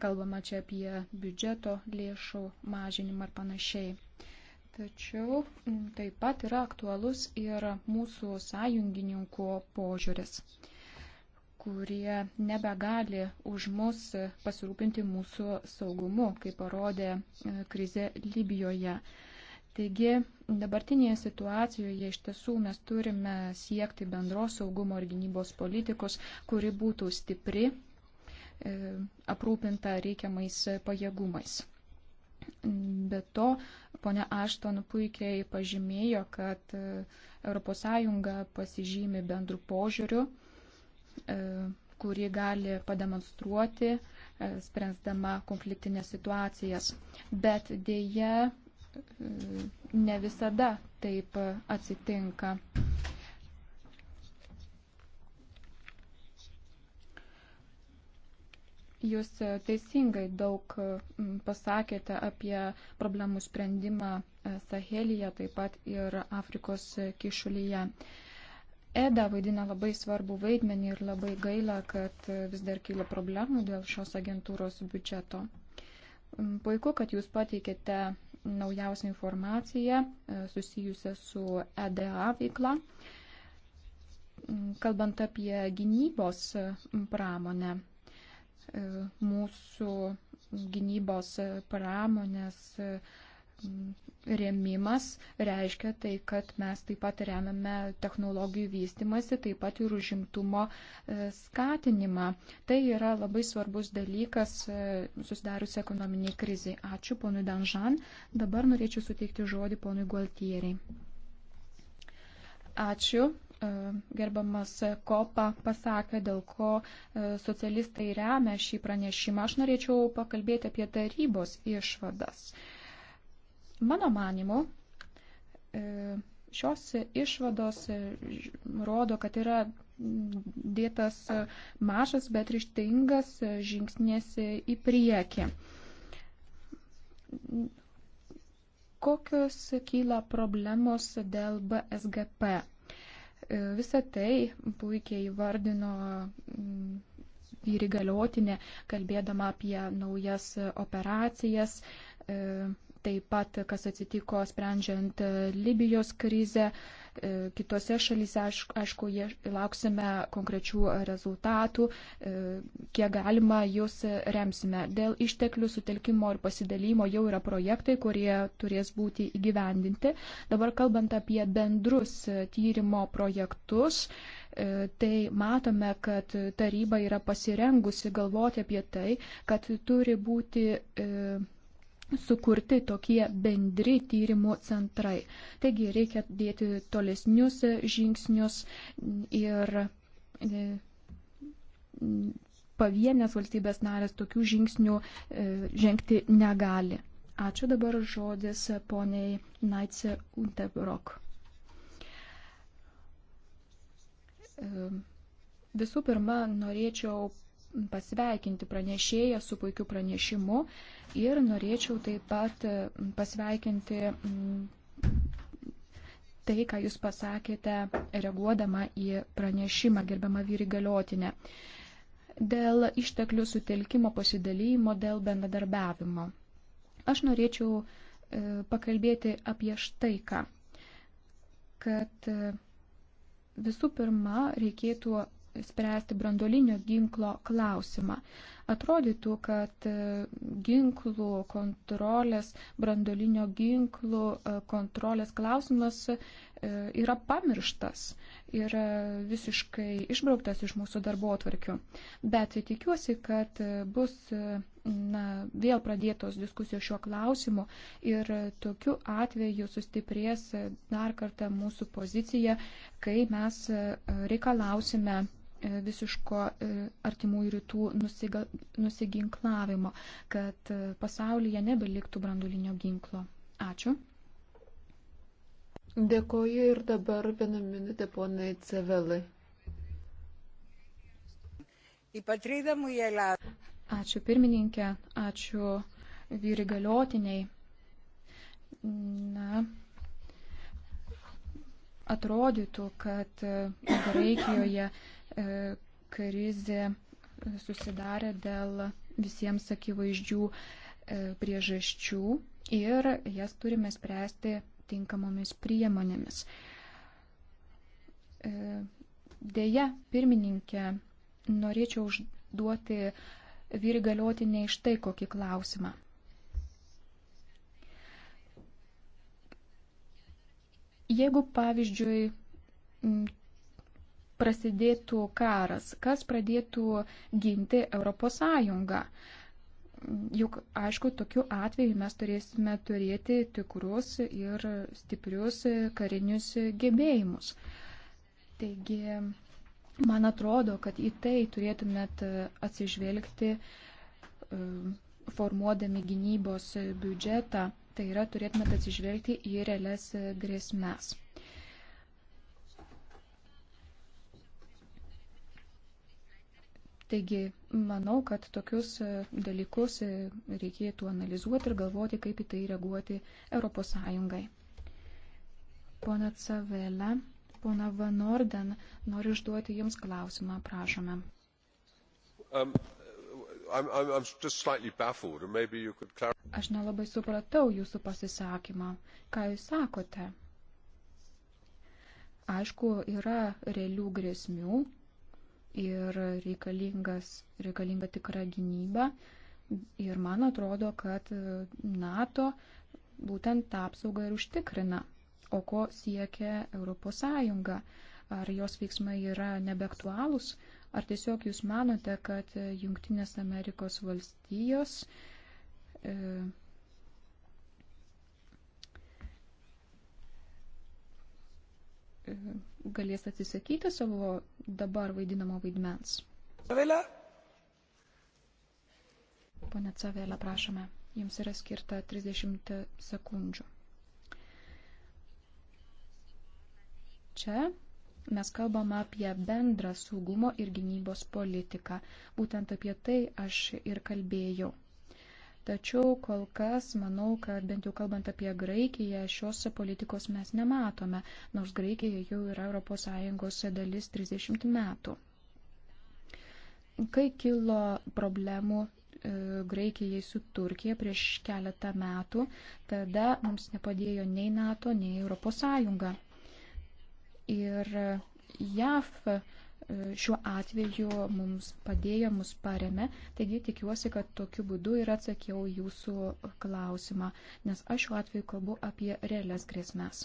Kalbama čia apie biudžeto lėšų mažinimą ir panašiai. Tačiau taip pat yra aktualus ir mūsų sąjungininkų požiūris kurie nebegali už mus pasirūpinti mūsų saugumu, kaip parodė e, krize Libijoje. Taigi dabartinėje situacijoje iš tiesų mes turime siekti bendros saugumo ir gynybos politikos, kuri būtų stipri, e, aprūpinta reikiamais pajėgumais. Be to, ponia Ašton puikiai pažymėjo, kad ES pasižymi bendrų požiūrių E, kuri gali pademonstruoti, e, sprendama konfliktinės situacijas. Bet dėje ne visada taip atsitinka. Jūs teisingai daug pasakėte apie problemų sprendimą e, Sahelyje, taip pat ir Afrikos kišulyje. EDA vaidina labai svarbu vaidmenį ir labai gaila, kad e, vis dar kyla problemų dėl šios agentūros biudžeto. Mm, puiku, kad jūs pateikėte naujausią informaciją e, susijusią su EDA veikla. Mm, kalbant apie gynybos e, pramonę, mūsų gynybos pramonės uh, rėmimas reiškia tai, kad mes taip pat remiame technologijų vystimasi, taip pat ir užimtumo e, skatinimą. Tai yra labai svarbus dalykas e, susidarius ekonominiai kriziai. Ačiū ponui Danžan. Dabar norėčiau suteikti žodį ponui Gualtieriai. Ačiū e, gerbamas Kopa pasakė, dėl ko socialistai remia šį pranešimą. Aš norėčiau pakalbėti apie tarybos išvadas. Mano manimu, e, šios išvados e, rodo, kad yra dėtas mažas, bet ryštingas žingsnės į priekį. Kokios kyla problemos dėl BSGP? E, Visą tai puikiai vardino mm, vyrigaliotinė, kalbėdama apie naujas operacijas, taip pat kas atsitiko sprendžiant e, Libijos krizę. E, kitose šalyse, aišku, lauksime konkrečių rezultatų, e, kiek galima jūs remsime. Dėl išteklių sutelkimo ir pasidalymo jau yra projektai, kurie turės būti įgyvendinti. Dabar kalbant apie bendrus tyrimo projektus, tai matome, kad taryba yra pasirengusi galvoti apie tai, kad turi būti sukurti tokie bendri tyrimų centrai. Taigi reikia dėti tolesnius žingsnius ir e, pavienės valstybės narės tokių žingsnių e, žengti negali. Ačiū dabar žodis poniai Naitse Untebrok. E, visų pirma, norėčiau pasveikinti pranešėją su puikiu pranešimu ir norėčiau taip pat e, pasveikinti mm, tai, ką Jūs pasakėte, reaguodama į pranešimą, gerbiamą vyrį galiotinę, dėl išteklių sutelkimo pasidalymo, dėl bendradarbiavimo. Aš norėčiau e, pakalbėti apie štai ką, kad e, visų pirma reikėtų spręsti brandolinio ginklo klausimą. Atrodytų, kad e, ginklų kontrolės, brandolinio ginklų e, kontrolės klausimas e, yra pamirštas ir visiškai išbrauktas iš mūsų darbo atvarkių. Bet tikiuosi, kad bus na, vėl pradėtos diskusijos šiuo klausimu ir tokiu atveju sustiprės dar kartą mūsų pozicija, kai mes reikalausime E, visiško e, artimųjų rytų nusiga, nusiginklavimo, kad e, pasaulyje nebeliktų brandulinio ginklo. Ačiū. Dėkoju ir dabar vieną minutę ponai Cevelai. Ačiū pirmininkė, ačiū vyri galiotiniai. Na, atrodytų, kad Graikijoje E, krizė susidarė dėl visiems akivaizdžių e, priežasčių ir jas turime spręsti tinkamomis priemonėmis. E, Deja, pirmininkė, norėčiau užduoti vyrigaliotiniai štai kokį klausimą. Jeigu, pavyzdžiui, prasidėtų karas, kas pradėtų ginti ES. Juk, aišku, tokiu atveju mes turėsime turėti tikrus ir stiprius karinius gebėjimus. Taigi, man atrodo, kad į tai turėtumėt atsižvelgti e, formuodami gynybos biudžetą, tai yra turėtumėt atsižvelgti į realias grėsmes. Taigi, manau, kad tokius e, dalykus e, reikėtų analizuoti ir galvoti, kaip į tai reaguoti ES. Pona Cavela, pona Van Orden, noriu išduoti Jums klausimą, prašome. Um, I'm, I'm could... Aš nelabai supratau Jūsų pasisakymą. Ką Jūs sakote? Aišku, yra realių grėsmių, ir reikalinga tikra gynyba. Ir man atrodo, kad e, NATO būtent tą apsaugą ir užtikrina. O ko siekia ES? Ar jos veiksmai yra nebeaktualūs? Ar tiesiog jūs manote, kad e, Junktinės Amerikos valstijos e, galės atsisakyti savo dabar vaidinamo vaidmens. Savėlė. Pone Savėlė, prašome, jums yra skirta 30 sekundžių. Čia mes kalbame apie bendrą saugumo ir gynybos politiką. Būtent apie tai aš ir kalbėjau. Tačiau kol kas manau, kad bent jau kalbant apie Graikiją, šios politikos mes nematome, nors Graikija jau yra ES dalis 30 metų. Kai kilo problemų e, Graikijai su Turkija prieš keletą metų, tada mums nepadėjo nei NATO, nei ES. Ir e, JAF šiuo atveju mums padėjo, mus paremė. Taigi tikiuosi, kad tokiu būdu ir atsakiau jūsų klausimą, nes aš šiuo atveju kalbu apie realias grėsmės.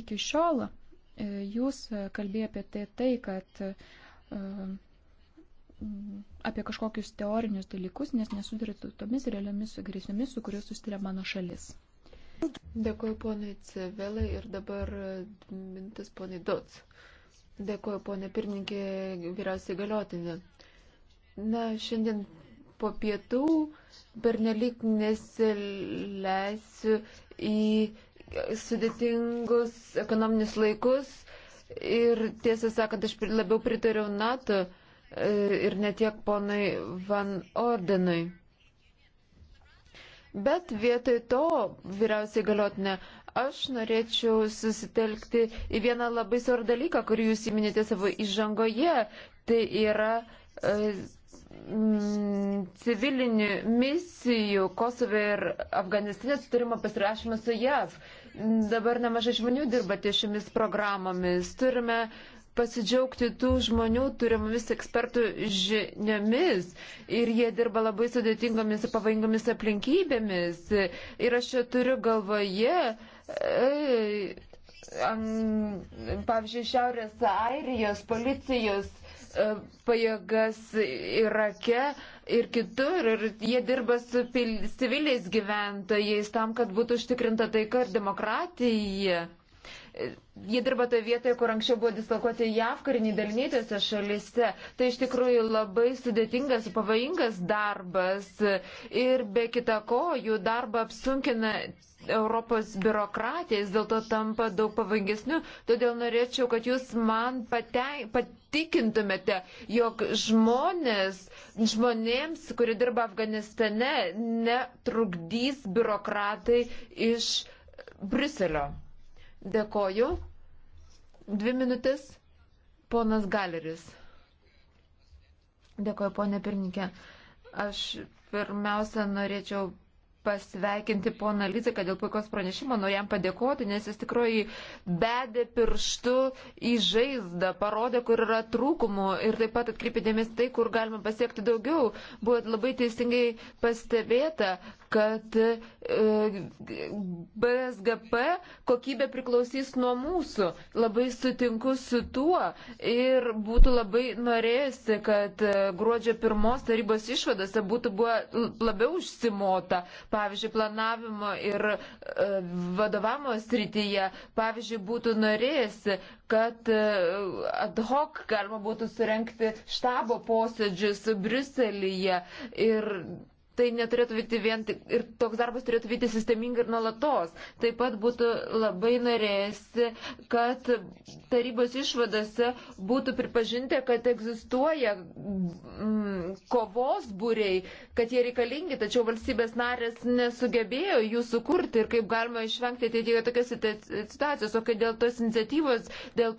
Iki šiol e, jūs kalbėjote apie tai, tai kad e, apie kažkokius teorinius dalykus, nes nesudirėtų tomis realiomis grėsmėmis, su kuriuo sustirė mano šalis. Dėkuoju ponai Cevelai ir dabar mintis ponai Dots. Dėkuoju, ponė pirmininkė, vyriausiai galiotinė. Na, šiandien po pietų bernelik nesileisiu į sudėtingus ekonominius laikus ir tiesą sakant, aš labiau pritariau NATO e, ir netiek ponai Van Ordenui. Bet vietoj to, vyriausiai galiotinė, Aš norėčiau susitelkti į vieną labai svarbų dalyką, kurį jūs įminėte savo įžangoje. Tai yra e, civilinių misijų Kosove ir Afganistane sutarimo pasirašymas su JAV. Dabar nemažai žmonių dirba ties šiomis programomis. Turime pasidžiaugti tų žmonių turimomis ekspertų žiniomis ir jie dirba labai sudėtingomis ir pavojingomis aplinkybėmis. Ir aš čia turiu galvoje pavyzdžiui, Šiaurės Airijos policijos e, pajėgas Irake ir kitur. Ir jie dirba su civiliais gyventojais tam, kad būtų užtikrinta taika ir demokratija. Jie dirba toje vietoje, kur anksčiau buvo dislokuoti JAV kariniai daliniai tose šalise. Tai iš tikrųjų labai sudėtingas, pavojingas darbas ir be kita ko jų darbą apsunkina Europos biurokratija, jis dėl to tampa daug pavangesniu. Todėl norėčiau, kad jūs man patei, patikintumėte, jog žmonės, žmonėms, kurie dirba Afganistane, netrukdys biurokratai iš Briuselio. Dėkoju. Dvi minutės. Ponas Galeris. Dėkoju, ponė pirmininkė. Aš pirmiausia norėčiau pasveikinti poną Liziką dėl puikos pranešimo, noriu jam padėkoti, nes jis tikrai bedė pirštu į žaizdą, parodė, kur yra trūkumų ir taip pat atkreipė dėmesį tai, kur galima pasiekti daugiau. Buvo labai teisingai pastebėta, kad e, BSGP kokybė priklausys nuo mūsų. Labai sutinku su tuo ir būtų labai norėjusi, kad e, gruodžio pirmos tarybos išvadose būtų buvo labiau užsimota, pavyzdžiui, planavimo ir e, vadovavimo srityje, pavyzdžiui, būtų norėjusi, kad ad hoc galima būtų surenkti štabo posėdžius Briuselyje ir tai neturėtų vykti vien tik, ir toks darbas turėtų vykti sistemingai ir nuolatos. Taip pat būtų labai norėsi, kad tarybos išvadose būtų pripažinti, kad egzistuoja mm, kovos būriai, kad jie reikalingi, tačiau valstybės narės nesugebėjo jų sukurti ir kaip galima išvengti ateityje tokias situacijos. O kai dėl tos iniciatyvos, dėl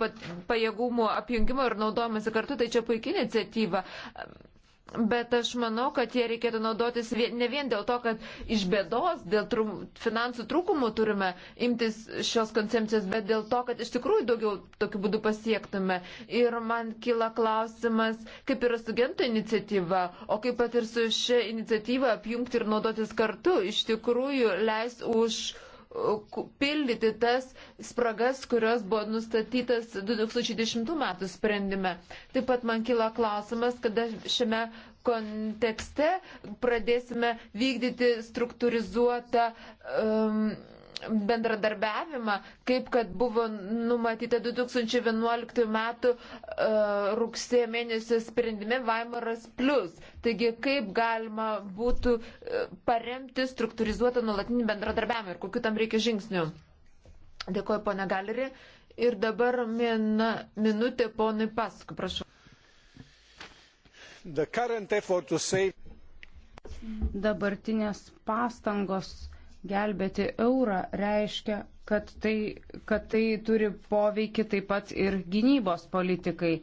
pajėgumų apjungimo ir naudojimasi kartu, tai čia puikia iniciatyva. Bet aš manau, kad jie reikėtų naudotis ne vien dėl to, kad iš bėdos, dėl trum, finansų trūkumų turime imtis šios koncepcijos, bet dėl to, kad iš tikrųjų daugiau tokiu būdu pasiektume. Ir man kyla klausimas, kaip yra su gento iniciatyva, o kaip pat ir su šia iniciatyva apjungti ir naudotis kartu, iš tikrųjų leis už pildyti tas spragas, kurios buvo nustatytas 2010 metų sprendime. Taip pat man kila klausimas, kada šiame kontekste pradėsime vykdyti struktūrizuotą um, bendradarbiavimą, kaip kad buvo numatyta 2011 m. E, rugsėjo mėnesio sprendime Vaimaras Plus. Taigi, kaip galima būtų e, paremti struktūrizuotą nuolatinį bendradarbiavimą ir kokiu tam reikia žingsniu. Dėkuoju, pone Galerį. Ir dabar mina, minutė ponui Pasku, prašau. Dabartinės pastangos Gelbėti eurą reiškia, kad tai, kad tai turi poveikį taip pat ir gynybos politikai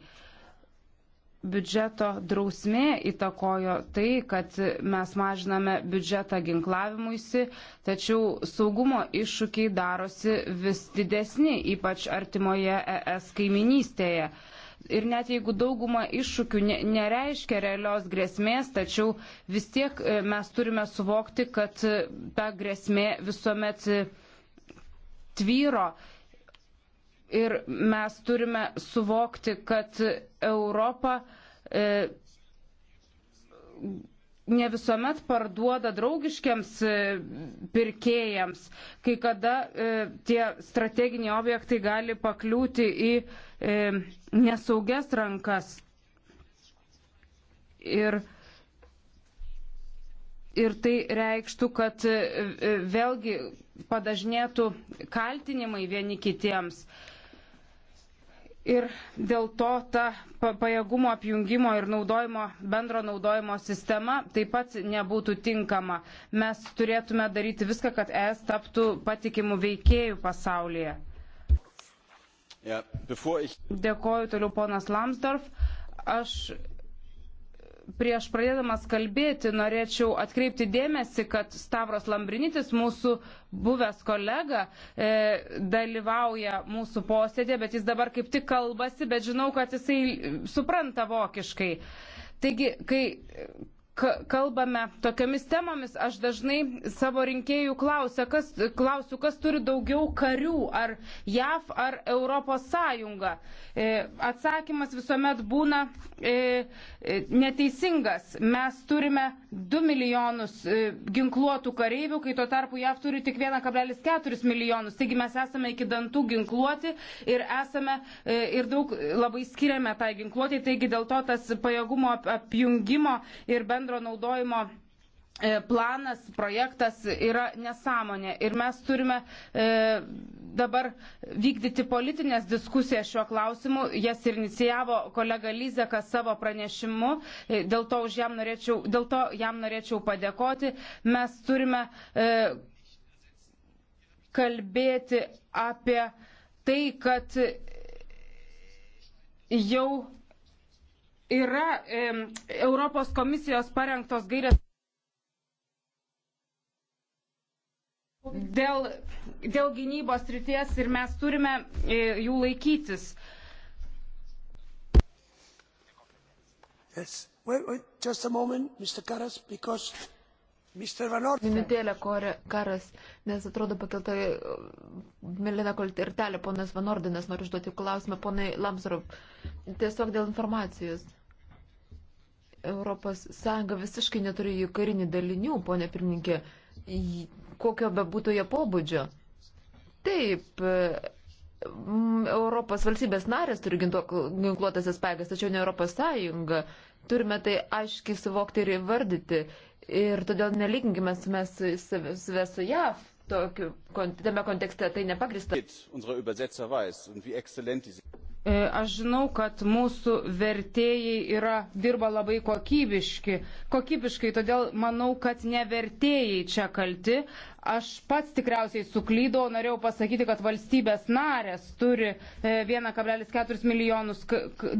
biudžeto drausmė įtakojo tai, kad mes mažiname biudžetą ginklavimuisi, tačiau saugumo iššūkiai darosi vis didesni, ypač artimoje ES kaiminystėje ir net jeigu dauguma iššūkių nereiškia realios grėsmės, tačiau vis tiek e, mes turime suvokti, kad e, ta grėsmė visuomet e, tvyro. Ir mes turime suvokti, kad Europa e, ne visuomet parduoda draugiškiams e, pirkėjams, kai kada e, tie strateginiai objektai gali pakliūti į e, nesaugias rankas. Ir, ir tai reikštų, kad e, e vėlgi padažnėtų kaltinimai vieni kitiems. E, ir dėl to ta pajėgumo apjungimo ir naudojimo, bendro naudojimo sistema taip pat nebūtų tinkama. Mes turėtume daryti viską, kad ES taptų patikimų veikėjų pasaulyje. Ja, ich... Dėkoju toliau ponas Lamsdorf. Aš prieš pradėdamas kalbėti norėčiau atkreipti dėmesį, kad Stavros Lambrinitis, mūsų buvęs kolega, e, dalyvauja mūsų posėdė, bet jis dabar kaip tik kalbasi, bet žinau, kad jisai supranta vokiškai. Taigi, kai kalbame tokiamis temomis, aš dažnai savo rinkėjų klausia, kas, klausiu, kas turi daugiau karių, ar JAV, ar Europos Sąjunga. E, atsakymas visuomet būna e, e neteisingas. Mes turime 2 milijonus e, ginkluotų kareivių, kai tuo tarpu JAV turi tik 1,4 milijonus. Taigi mes esame iki dantų ginkluoti ir esame e, ir daug labai skiriame tai ginkluotė, taigi dėl to tas pajėgumo apjungimo ir bendro bendro naudojimo e, planas, projektas yra nesąmonė. Ir mes turime e, dabar vykdyti politinės diskusijas šiuo klausimu. Jas ir inicijavo kolega Lyzekas savo pranešimu. E, dėl to, jam norėčiau, dėl to jam norėčiau padėkoti. Mes turime e, kalbėti apie tai, kad jau yra e, Europos komisijos parengtos gairės dėl, dėl gynybos ryties ir mes turime e, jų laikytis. Yes. Wait, wait, just a moment, Mr. Karas, because Minutėlė karas, nes atrodo pakelta e, Melina Koltertelė, ponas Vanordinas, noriu užduoti klausimą, ponai Lamsarov, tiesiog dėl informacijos. ES visiškai neturi jų karinių dalinių, ponė pirmininkė, kokio be būtų jie pobūdžio. Taip, Europos valstybės narės turi ginkluotasias pajėgas, tačiau ne Europos Sąjunga. Turime tai aiškiai suvokti ir įvardyti. Ir todėl nelinkime mes save su JAV. Tokiu, tame kontekste tai nepagrįsta. E, aš žinau, kad mūsų vertėjai yra, dirba labai kokybiški, kokybiškai, todėl manau, kad ne vertėjai čia kalti. Aš pats tikriausiai suklydau, norėjau pasakyti, kad valstybės narės turi 1,4 e, milijonus,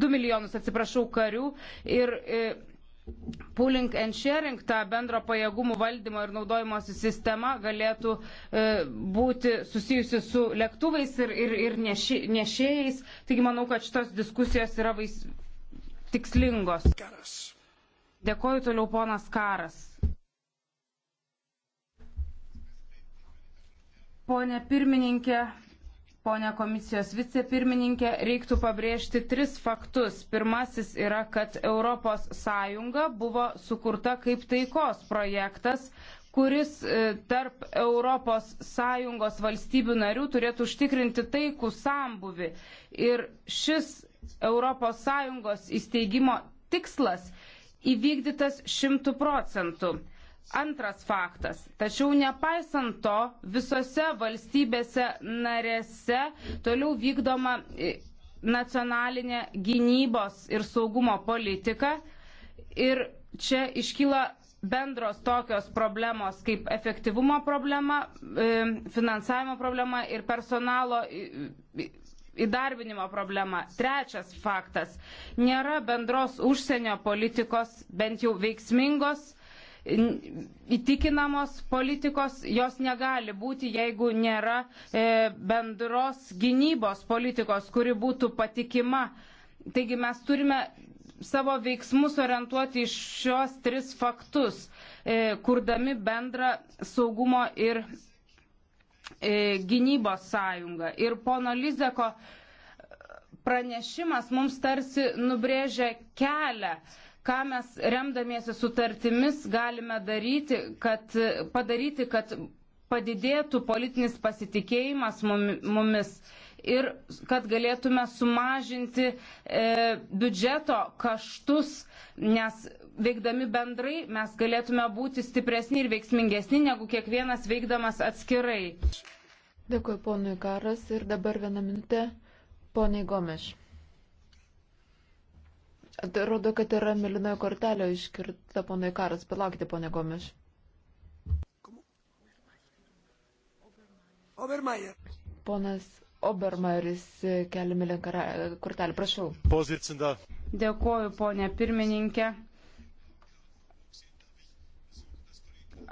2 milijonus, atsiprašau, karių ir e, pooling and sharing, ta bendro pajėgumų valdymo ir naudojimosi sistema galėtų e, būti susijusi su lėktuvais ir, ir, ir neši, nešėjais. Taigi manau, kad šitos diskusijos yra vais, tikslingos. Karas. Dėkoju toliau ponas Karas. Pone pirmininkė, Pone komisijos vicepirmininkė, reiktų pabrėžti tris faktus. Pirmasis yra, kad ES buvo sukurta kaip taikos projektas, kuris e, tarp ES valstybių narių turėtų užtikrinti taikų sambuvi. Ir šis ES įsteigimo tikslas įvykdytas šimtų procentų. Antras faktas. Tačiau nepaisant to, visose valstybėse narėse toliau vykdoma e, nacionalinė gynybos ir saugumo politika. Ir čia iškyla bendros tokios problemos kaip efektyvumo problema, e, finansavimo problema ir personalo įdarbinimo problema. Trečias faktas. Nėra bendros užsienio politikos, bent jau veiksmingos įtikinamos politikos, jos negali būti, jeigu nėra e, bendros gynybos politikos, kuri būtų patikima. Taigi mes turime savo veiksmus orientuoti iš šios tris faktus, e, kurdami bendrą saugumo ir e, gynybos sąjungą. Ir pono Lizeko pranešimas mums tarsi nubrėžia kelią ką mes remdamiesi sutartimis galime daryti, kad padaryti, kad padidėtų politinis pasitikėjimas mumis ir kad galėtume sumažinti e, biudžeto kaštus, nes veikdami bendrai mes galėtume būti stipresni ir veiksmingesni negu kiekvienas veikdamas atskirai. Dėkui ponui Karas ir dabar vieną minutę poniai Gomeš. Rodo, kad yra milinoje kortelė iškirta ponui Karas. Palaukite, ponė Gomiš. Obermeier. Ponas Obermaris e, kelia milinkarą kortelį. Prašau. Pozicinda. Dėkoju, ponė pirmininkė.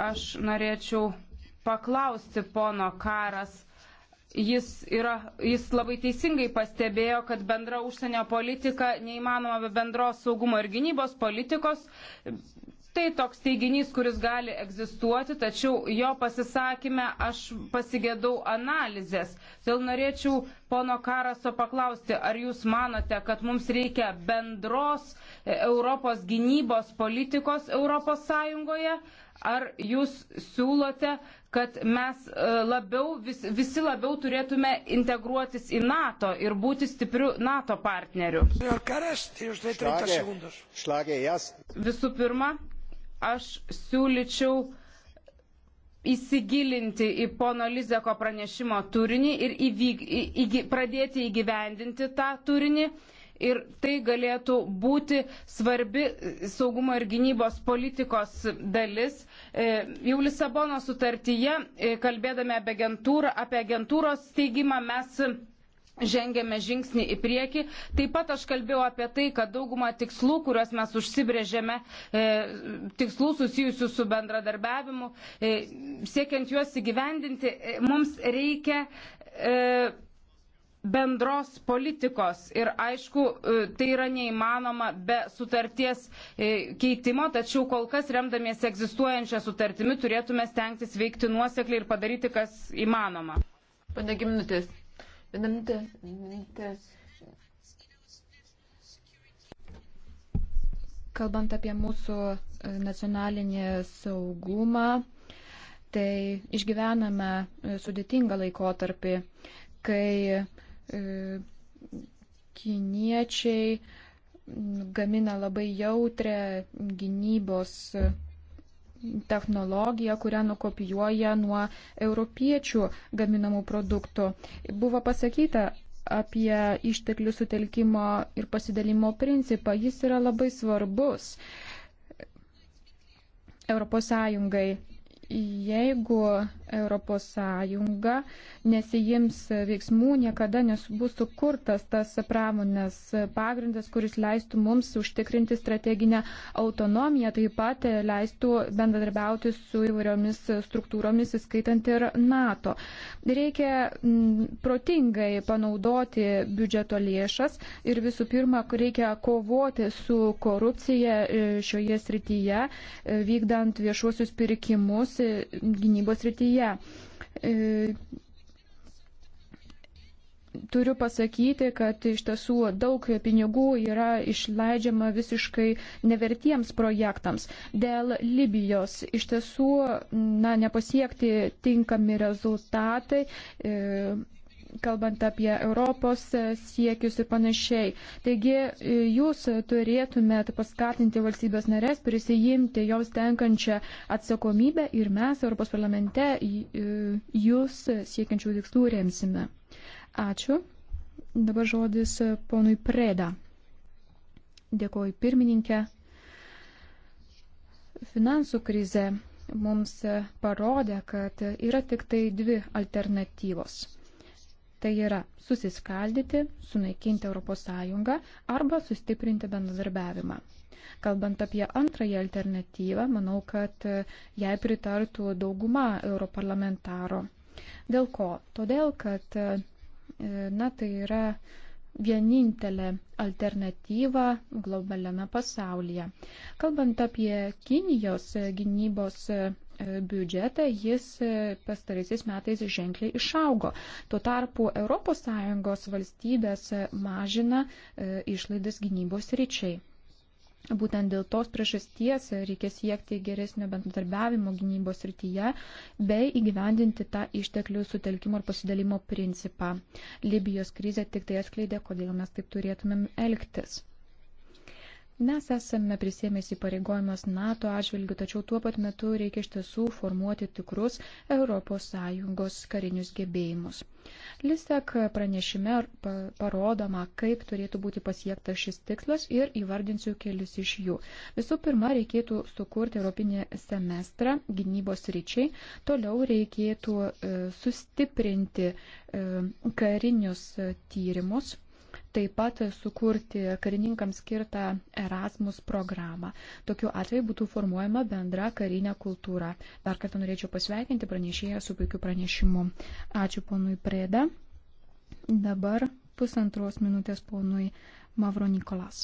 Aš norėčiau paklausti pono Karas jis, yra, jis labai teisingai pastebėjo, kad bendra užsienio politika neįmanoma be bendros saugumo ir gynybos politikos. Tai toks teiginys, kuris gali egzistuoti, tačiau jo pasisakymę aš pasigėdau analizės. Todėl norėčiau pono Karaso paklausti, ar jūs manote, kad mums reikia bendros Europos gynybos politikos Europos Sąjungoje, Ar jūs siūlote, kad mes e, labiau, vis, visi labiau turėtume integruotis į NATO ir būti stipriu NATO partneriu? Šlagė, šlagė, jas. Visų pirma, aš siūlyčiau įsigilinti į pono Lizeko pranešimo turinį ir įvyk, į, į, pradėti įgyvendinti tą turinį. Uh, ir tai galėtų būti svarbi saugumo ir gynybos politikos dalis. E, jau Lisabono sutartyje, e, kalbėdami apie, agentūrą, apie agentūros steigimą, mes žengėme žingsnį į priekį. Taip pat aš kalbėjau apie tai, kad dauguma tikslų, kuriuos mes užsibrėžėme, e, tikslų susijusių su bendradarbiavimu, e, siekiant juos įgyvendinti, e, mums reikia. E, bendros politikos ir aišku, e, tai yra neįmanoma be sutarties e, keitimo, tačiau kol kas remdamiesi egzistuojančią sutartimi turėtume stengtis veikti nuosekliai ir padaryti, kas įmanoma. Pane Gimnutės. Viena minutė. minutė. Kalbant apie mūsų e, nacionalinį saugumą, tai išgyvename sudėtingą laikotarpį, kai E, kiniečiai gamina labai jautrę gynybos technologiją, kurią nukopijuoja nuo europiečių gaminamų produktų. Buvo pasakyta apie išteklių sutelkimo ir pasidalimo principą. Jis yra labai svarbus ES. Jeigu ES nesijims veiksmų, niekada bus sukurtas tas pramonės pagrindas, kuris leistų mums užtikrinti strateginę autonomiją, taip pat leistų bendradarbiauti su įvairiomis struktūromis, įskaitant ir NATO. Reikia mm, protingai panaudoti biudžeto lėšas ir visų pirma, reikia kovoti su korupcija e, šioje srityje, e, vykdant viešuosius pirkimus e, gynybos srityje srityje. Turiu pasakyti, kad iš tiesų daug pinigų yra išleidžiama visiškai nevertiems projektams. Dėl Libijos iš tiesų na, nepasiekti tinkami rezultatai. E, kalbant apie Europos siekius ir panašiai. Taigi e, jūs turėtumėte paskatinti valstybės narės prisijimti joms tenkančią atsakomybę ir mes Europos parlamente e, jūs siekiančių tikslų remsime. Ačiū. Dabar žodis ponui Preda. Dėkoju pirmininkė. Finansų krize mums parodė, kad yra tik tai dvi alternatyvos Tai yra susiskaldyti, sunaikinti ES arba sustiprinti bendradarbiavimą. Kalbant apie antrąją alternatyvą, manau, kad jai pritartų dauguma europarlamentaro. Dėl ko? Todėl, kad na, tai yra vienintelė alternatyva globaliame pasaulyje. Kalbant apie Kinijos gynybos biudžetą, jis e, pastaraisiais metais ženkliai išaugo. Tuo tarpu ES valstybės mažina e, išlaidas gynybos ryčiai. Būtent dėl tos priežasties reikia siekti geresnio bendradarbiavimo gynybos rytyje bei įgyvendinti tą išteklių sutelkimo ir pasidalimo principą. Libijos krizė tik tai atskleidė, kodėl mes taip turėtumėm elgtis. Mes esame prisėmėsi pareigojimas NATO atžvilgių, tačiau tuo pat metu reikia iš tiesų formuoti tikrus ES karinius gebėjimus. Lisek pranešime parodoma, kaip turėtų būti pasiektas šis tikslas ir įvardinsiu kelius iš jų. Visų pirma, reikėtų sukurti Europinį semestrą gynybos ryčiai, toliau reikėtų e, sustiprinti e, karinius e, tyrimus taip pat sukurti karininkams skirtą Erasmus programą. Tokiu atveju būtų formuojama bendra karinė kultūra. Dar kartą norėčiau pasveikinti pranešėją su puikiu pranešimu. Ačiū ponui Prėda. Dabar pusantros minutės ponui Mavro Nikolas.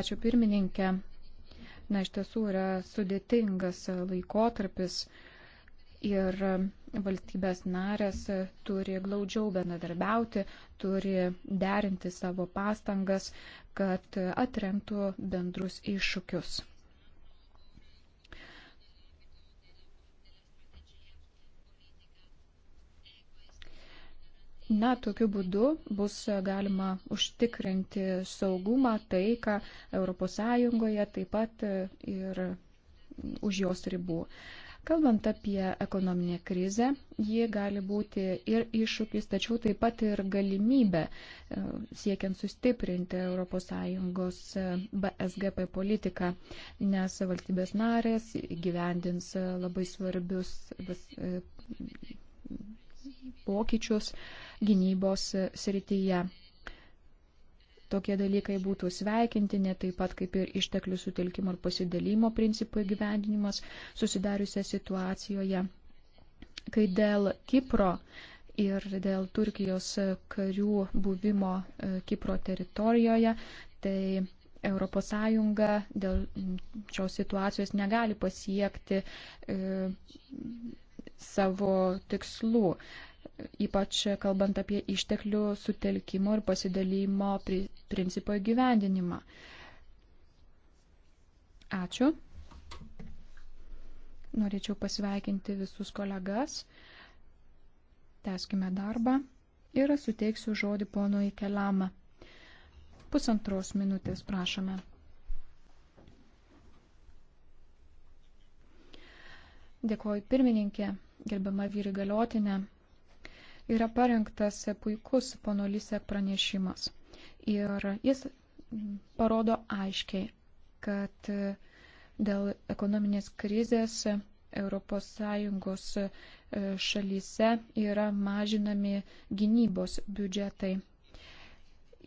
Ačiū pirmininkė. Na, iš tiesų yra sudėtingas laikotarpis, uh, ir valstybės narės turi glaudžiau bendradarbiauti, turi derinti savo pastangas, kad atremtų bendrus iššūkius. Na, tokiu būdu bus galima užtikrinti saugumą, taiką ES, taip pat ir už jos ribų. Uh, Kalbant apie ekonominę krizę, ji gali būti ir iššūkis, tačiau taip pat ir galimybė e, siekiant sustiprinti ES e, BSGP politiką, nes valstybės narės gyvendins e, labai svarbius pokyčius gynybos srityje tokie dalykai būtų sveikintinė, taip pat kaip ir išteklių sutelkimo ir pasidalymo principų įgyvendinimas susidariusią situacijoje. Kai dėl Kipro ir dėl Turkijos karių buvimo e, Kipro teritorijoje, tai ES dėl šios situacijos negali pasiekti e, savo tikslų. E, ypač kalbant apie išteklių sutelkimo ir pasidalymo principo įgyvendinimą. Ačiū. Norėčiau pasveikinti visus kolegas. Teskime darbą ir suteiksiu žodį ponui Kelamą. Pusantros minutės prašome. Dėkuoju pirmininkė, gerbiama vyri galiotinė yra parengtas puikus pono Lisek pranešimas. Ir jis parodo aiškiai, kad dėl ekonominės krizės ES e, šalyse yra mažinami gynybos biudžetai.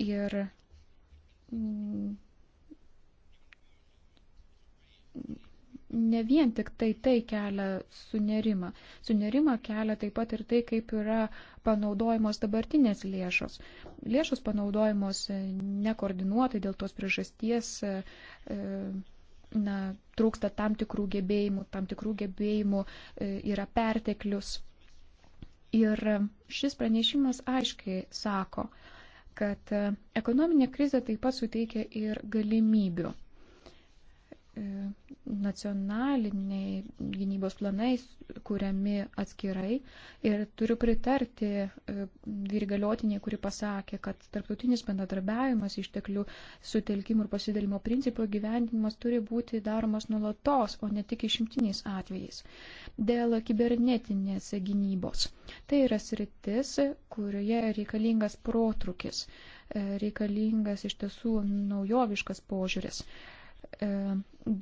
Ir mm, ne vien tik tai tai kelia sunerimą. Sunerimą kelia taip pat ir tai, kaip yra panaudojamos dabartinės lėšos. Lėšos panaudojamos e, nekoordinuotai dėl tos priežasties. E, e, na, trūksta tam tikrų gebėjimų, tam tikrų gebėjimų yra perteklius. Ir šis pranešimas aiškiai sako, kad ekonominė krizė taip pat suteikia ir galimybių E, nacionaliniai gynybos planai kuriami atskirai ir turiu pritarti e, vyrgaliotiniai, kuri pasakė, kad tarptautinis bendradarbiavimas išteklių sutelkimų ir pasidarimo principų gyvendinimas turi būti daromas nulatos, o ne tik išimtiniais atvejais. Dėl kibernetinės gynybos. Tai yra sritis, kurioje reikalingas protrukis, e, reikalingas iš tiesų naujoviškas požiūris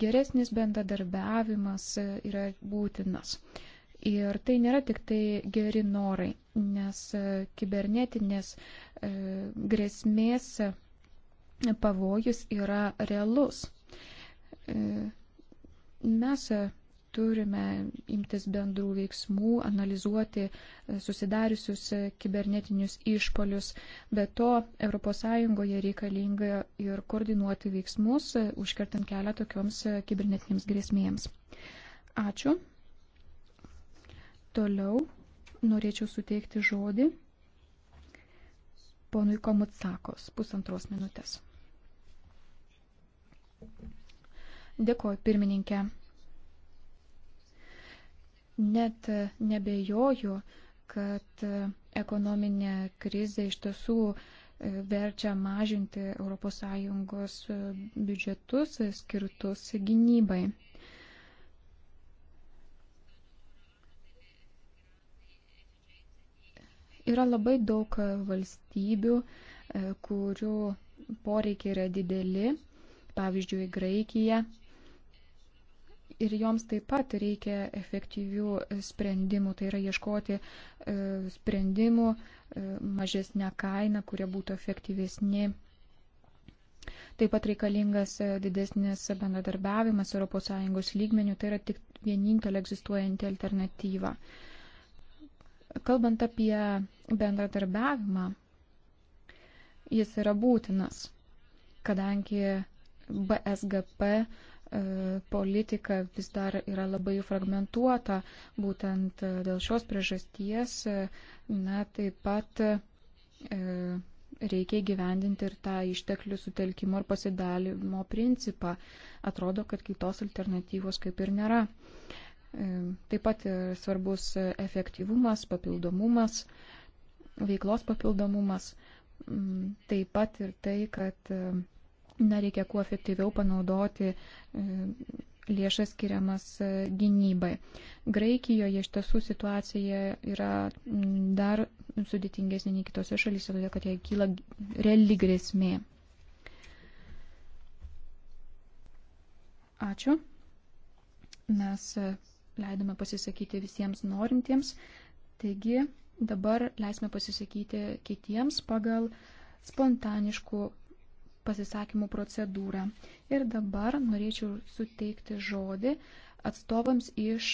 Geresnis bendradarbiavimas yra būtinas. Ir tai nėra tik tai geri norai, nes e, kibernetinės e, grėsmės pavojus yra realus. E, mes turime imtis bendrų veiksmų, analizuoti e, susidariusius e, kibernetinius išpolius. Be to, ES reikalinga ir koordinuoti veiksmus, e, užkertant kelią tokioms kibernetinėms grėsmėms. Ačiū. Toliau norėčiau suteikti žodį ponui Komutsakos pusantros minutės. Dėkuoju pirmininkė. Net e, nebejoju, kad e, ekonominė krizė iš tiesų e, verčia mažinti ES biudžetus skirtus gynybai. Yra labai daug valstybių, kurių poreikiai yra dideli, pavyzdžiui, Graikija, ir joms taip pat reikia efektyvių sprendimų, tai yra ieškoti e, sprendimų e, mažesnę kainą, kurie būtų efektyvesni. Taip pat reikalingas e, didesnis bendradarbiavimas ES lygmenių, tai yra tik vienintelė egzistuojanti alternatyva. Kalbant apie bendradarbiavimą, jis yra būtinas, kadangi BSGP E, politika vis dar yra labai fragmentuota. Būtent e, dėl šios priežasties, e, na, taip pat reikia gyvendinti ir tą išteklių sutelkimo ir pasidalimo principą. Atrodo, kad kitos alternatyvos kaip ir nėra. Taip pat svarbus efektyvumas, papildomumas, veiklos papildomumas. Mm, taip pat ir tai, kad na, reikia kuo efektyviau panaudoti e, lėšas skiriamas e, gynybai. Graikijoje iš tiesų situacija yra dar sudėtingesnė nei kitose šalyse, todėl kad jai kyla reali grėsmė. Ačiū. Mes e, leidome pasisakyti visiems norintiems. Taigi dabar leisime pasisakyti kitiems pagal spontaniškų pasisakymų procedūrą. Ir dabar norėčiau suteikti žodį atstovams iš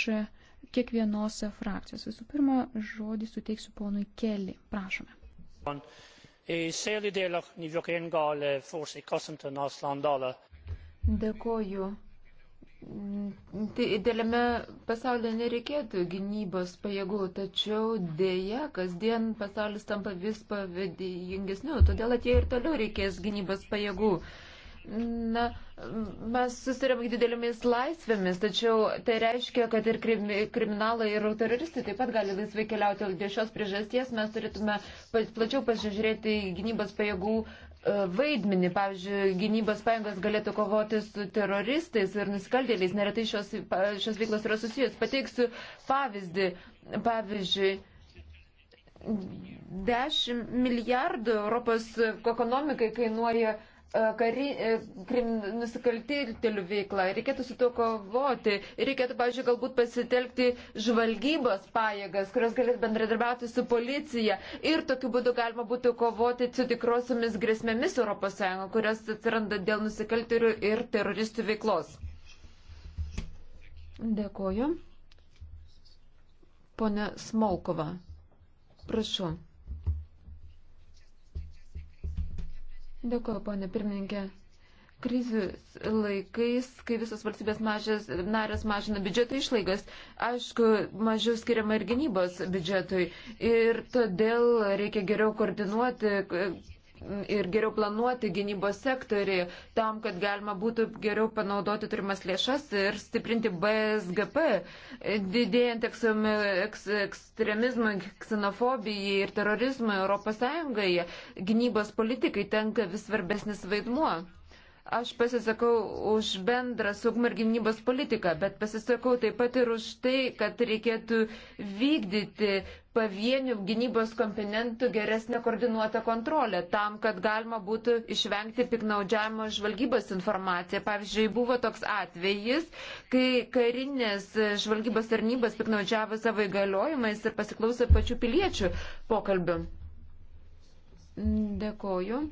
kiekvienos frakcijos. Visų pirma, žodį suteiksiu ponui Kelly. Prašome. Dėkoju Tai dėlėme pasaulyje nereikėtų gynybos pajėgų, tačiau dėja, kasdien pasaulis tampa vis pavadingesniu, todėl atėjo ir toliau reikės gynybos pajėgų. Na, mes susirėmėm didelėmis laisvėmis, tačiau tai reiškia, kad ir kriminalai, ir teroristai taip pat gali laisvai keliauti. Dėl šios priežasties mes turėtume plačiau pasižiūrėti gynybos pajėgų E, vaidmenį. Pavyzdžiui, gynybos pajėgos galėtų kovoti su teroristais ir nusikaltėliais. Neretai šios, šios veiklos yra susijęs. Pateiksiu pavyzdį. Pavyzdžiui, 10 milijardų Europos ekonomikai kainuoja uh, E, kari, e, krim, nusikaltėlių veiklą, reikėtų su to kovoti, reikėtų, pažiūrėjau, galbūt pasitelkti žvalgybos pajėgas, kurios galėtų bendradarbiauti su policija ir tokiu būdu galima būtų kovoti su tikrosiomis grėsmėmis ES, kurios atsiranda dėl nusikaltėlių ir teroristų veiklos. Dėkoju. Pone Smolkova, prašau. Dėkuoju, ponė pirmininkė. Krizės laikais, kai visos valstybės mažės, narės mažina biudžeto išlaigas, aišku, mažiau skiriama ir gynybos biudžetui. Ir todėl reikia geriau koordinuoti ir geriau planuoti gynybos sektorį tam, kad galima būtų geriau panaudoti turimas lėšas ir stiprinti BSGP, didėjant ekstremizmui, ksenofobijai ir terorizmui ES, gynybos politikai tenka vis svarbesnis vaidmuo. Aš pasisakau už bendrą saugumo ir gynybos politiką, bet pasisakau taip pat ir už tai, kad reikėtų vykdyti pavienių gynybos komponentų geresnę koordinuotą kontrolę, tam, kad galima būtų išvengti piknaudžiavimo žvalgybos informaciją. Pavyzdžiui, buvo toks atvejis, kai karinės žvalgybos tarnybos piknaudžiavo savo įgaliojimais ir pasiklausė pačių piliečių pokalbių. Dėkoju.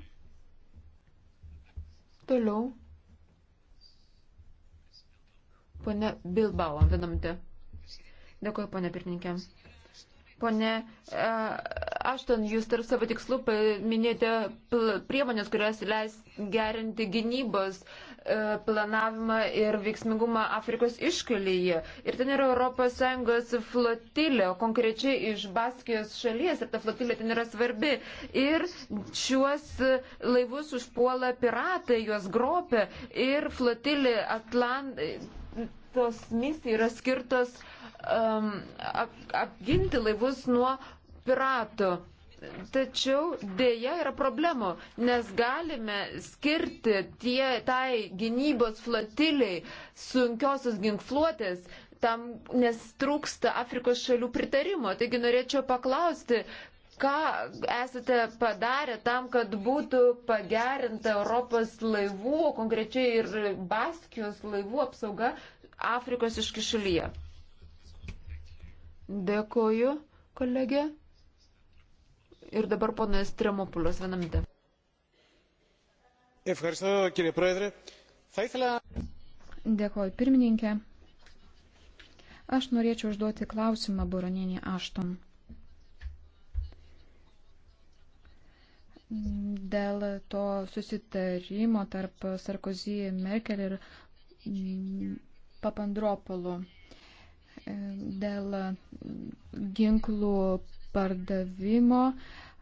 Toliau. Pone Bilbao, vieną minutę. Dėkuoju, pone pirmininkė. Pone e, Ašton, jūs tarp savo tikslų minėjote priemonės, kurios leis gerinti gynybos uh, E, planavimą ir veiksmingumą Afrikos iškelyje. Ir ten yra ES flotilė, konkrečiai iš Baskijos šalies, ir ta flotilė ten yra svarbi. Ir šiuos laivus užpuola piratai, juos gropia, ir flotilė Atlantos misija yra skirtos um, ap, apginti laivus nuo piratų. Tačiau dėja yra problemų, nes galime skirti tie, tai gynybos flotiliai sunkiosios ginkluotės, tam, nes trūksta Afrikos šalių pritarimo. Taigi norėčiau paklausti, ką esate padarę tam, kad būtų pagerinta Europos laivų, konkrečiai ir Baskijos laivų apsauga Afrikos iškišulyje. Dėkoju, kolegė. Ir dabar ponas Tremopulios vieną minutę. Dėkoju pirmininkė. Aš norėčiau užduoti klausimą Buronienį Ašton. Dėl to susitarimo tarp Sarkozy, Merkel ir mm, Papandropolų dėl ginklų pardavimo.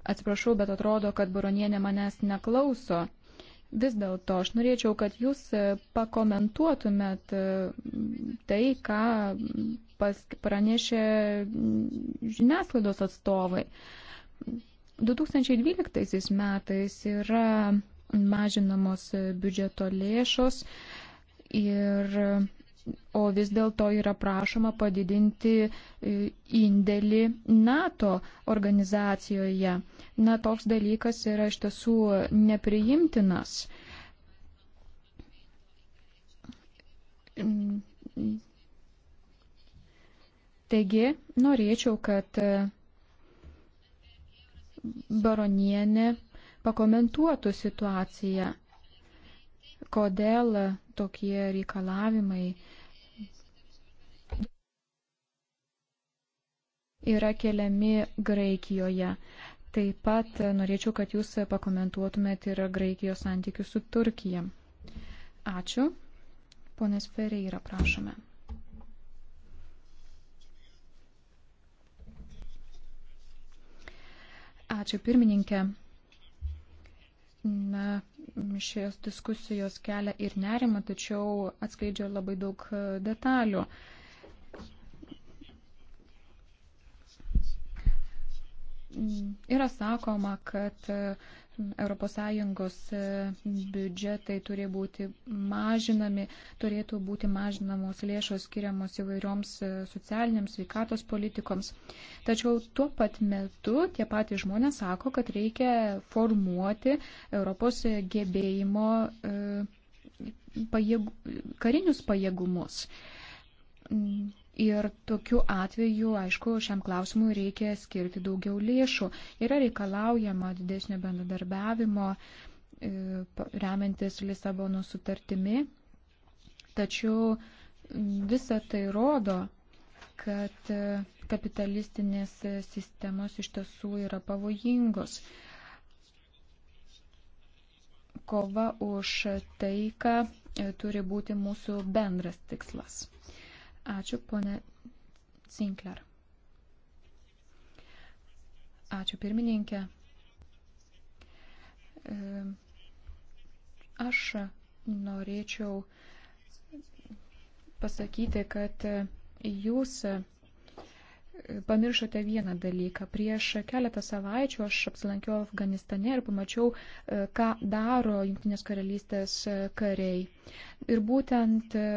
Atsiprašau, bet atrodo, kad baronienė manęs neklauso. Vis dėlto aš norėčiau, kad jūs e, pakomentuotumėt e, tai, ką pranešė žiniasklaidos atstovai. 2012 metais yra mažinamos biudžeto lėšos ir o vis dėlto yra prašoma padidinti e, indėlį NATO organizacijoje. Na, toks dalykas yra iš tiesų nepriimtinas. Taigi, norėčiau, kad e, baronienė pakomentuotų situaciją, kodėl tokie reikalavimai yra keliami Graikijoje. Taip pat norėčiau, kad jūs pakomentuotumėt ir Graikijos santykius su Turkija. Ačiū. Ponas Fereira, prašome. Ačiū pirmininkė. Na, šios diskusijos kelia ir nerima, tačiau atskleidžia labai daug e, detalių. Uh, yra sakoma, kad ES e, biudžetai turi būti mažinami, turėtų būti mažinamos lėšos skiriamos įvairioms e, socialiniams sveikatos politikoms. Tačiau tuo pat metu tie patys žmonės sako, kad reikia formuoti Europos gebėjimo e, pajėg, karinius pajėgumus Ir tokiu atveju, aišku, šiam klausimui reikia skirti daugiau lėšų. Yra reikalaujama didesnio bendradarbiavimo e, remiantis Lisabono sutartimi. Tačiau visa tai rodo, kad e, kapitalistinės sistemos iš tiesų yra pavojingos. Kova už taiką e, turi būti mūsų bendras tikslas. Ačiū, ponė Sinkler. Ačiū, pirmininkė. Aš norėčiau pasakyti, kad jūs pamiršote vieną dalyką. Prieš keletą savaičių aš apsilankiau Afganistane ir pamačiau, e, ką daro Junktinės karalystės e, kariai. Ir būtent e,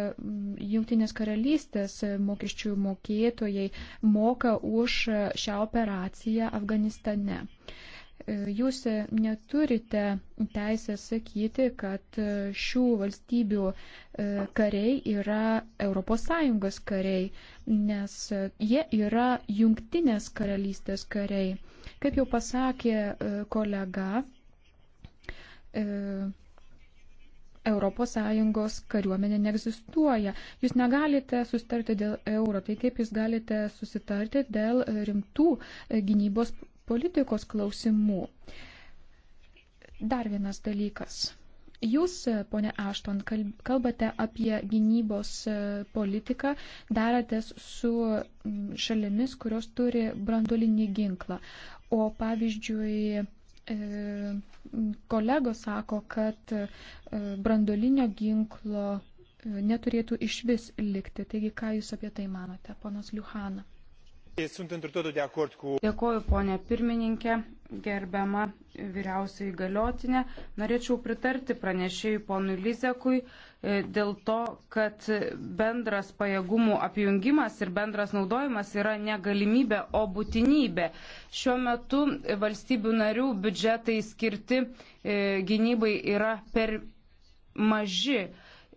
Junktinės karalystės mokesčių mokėtojai moka už šią operaciją Afganistane jūs neturite teisę sakyti, kad šių valstybių e, kariai yra ES kariai, nes jie yra jungtinės karalystės kariai. Kaip jau pasakė e, kolega, ES kariuomenė neegzistuoja. Jūs negalite sustarti dėl euro, tai kaip jūs galite susitarti dėl e, rimtų gynybos politikos klausimų. Dar vienas dalykas. Jūs, ponė Ašton, kalbate apie gynybos e, politiką, daratės su šalimis, kurios turi brandolinį ginklą. O pavyzdžiui, e, kolegos sako, kad e, brandolinio ginklo neturėtų iš vis likti. Taigi, ką Jūs apie tai manote, ponas Liuhana? E, Dėkoju, ponė pirmininkė, gerbiama vyriausiai galiotinė. Norėčiau pritarti pranešėjui ponui Lizekui e, dėl to, kad bendras pajėgumų apjungimas ir bendras naudojimas yra negalimybė, o būtinybė. Šiuo metu valstybių narių biudžetai skirti e, gynybai yra per maži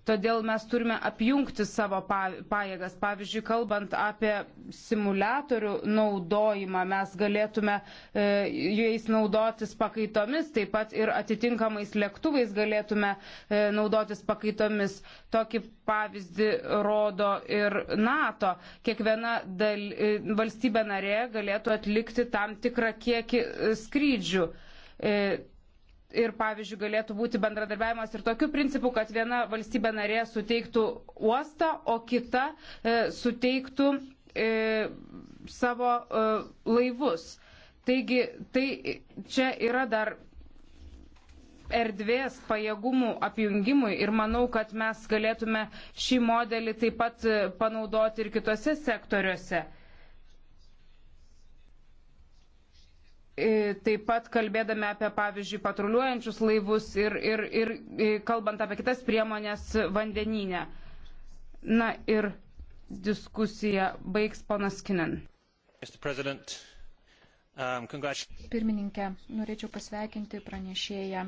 todėl mes turime apjungti savo pajėgas. Pavyzdžiui, kalbant apie simuliatorių naudojimą, mes galėtume e, jais naudotis pakaitomis, taip pat ir atitinkamais lėktuvais galėtume e, naudotis pakaitomis. Tokį pavyzdį rodo ir NATO. Kiekviena dal, e, valstybė narė galėtų atlikti tam tikrą kiekį skrydžių ir, pavyzdžiui, galėtų būti bendradarbiavimas ir tokiu principu, kad viena valstybė narė suteiktų uostą, o kita e, suteiktų e, savo e, laivus. Taigi, tai čia yra dar erdvės pajėgumų apjungimui ir manau, kad mes galėtume šį modelį taip pat e, panaudoti ir kitose sektoriuose. E, taip pat kalbėdami apie, pavyzdžiui, patruliuojančius laivus ir, ir, ir e, kalbant apie kitas priemonės vandeninę. Na ir diskusiją baigs ponas Kinen. Um, Pirmininkė, norėčiau pasveikinti pranešėją.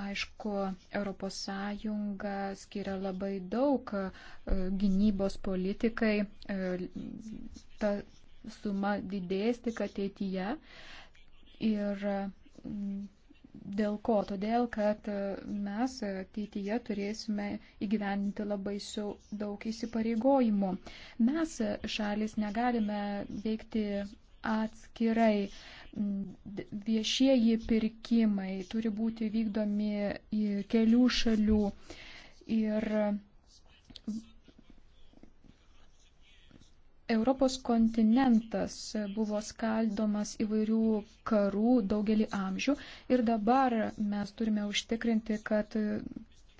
Aišku, ES skiria labai daug e, gynybos politikai. Ta, suma didės tik ateityje. Ir mm, dėl ko? Todėl, kad mm, mes ateityje turėsime įgyveninti labai su daug įsipareigojimų. Mes e, šalis negalime veikti atskirai. Mm, viešieji pirkimai turi būti vykdomi kelių šalių. Ir Europos kontinentas buvo skaldomas įvairių karų daugelį amžių ir dabar mes turime užtikrinti, kad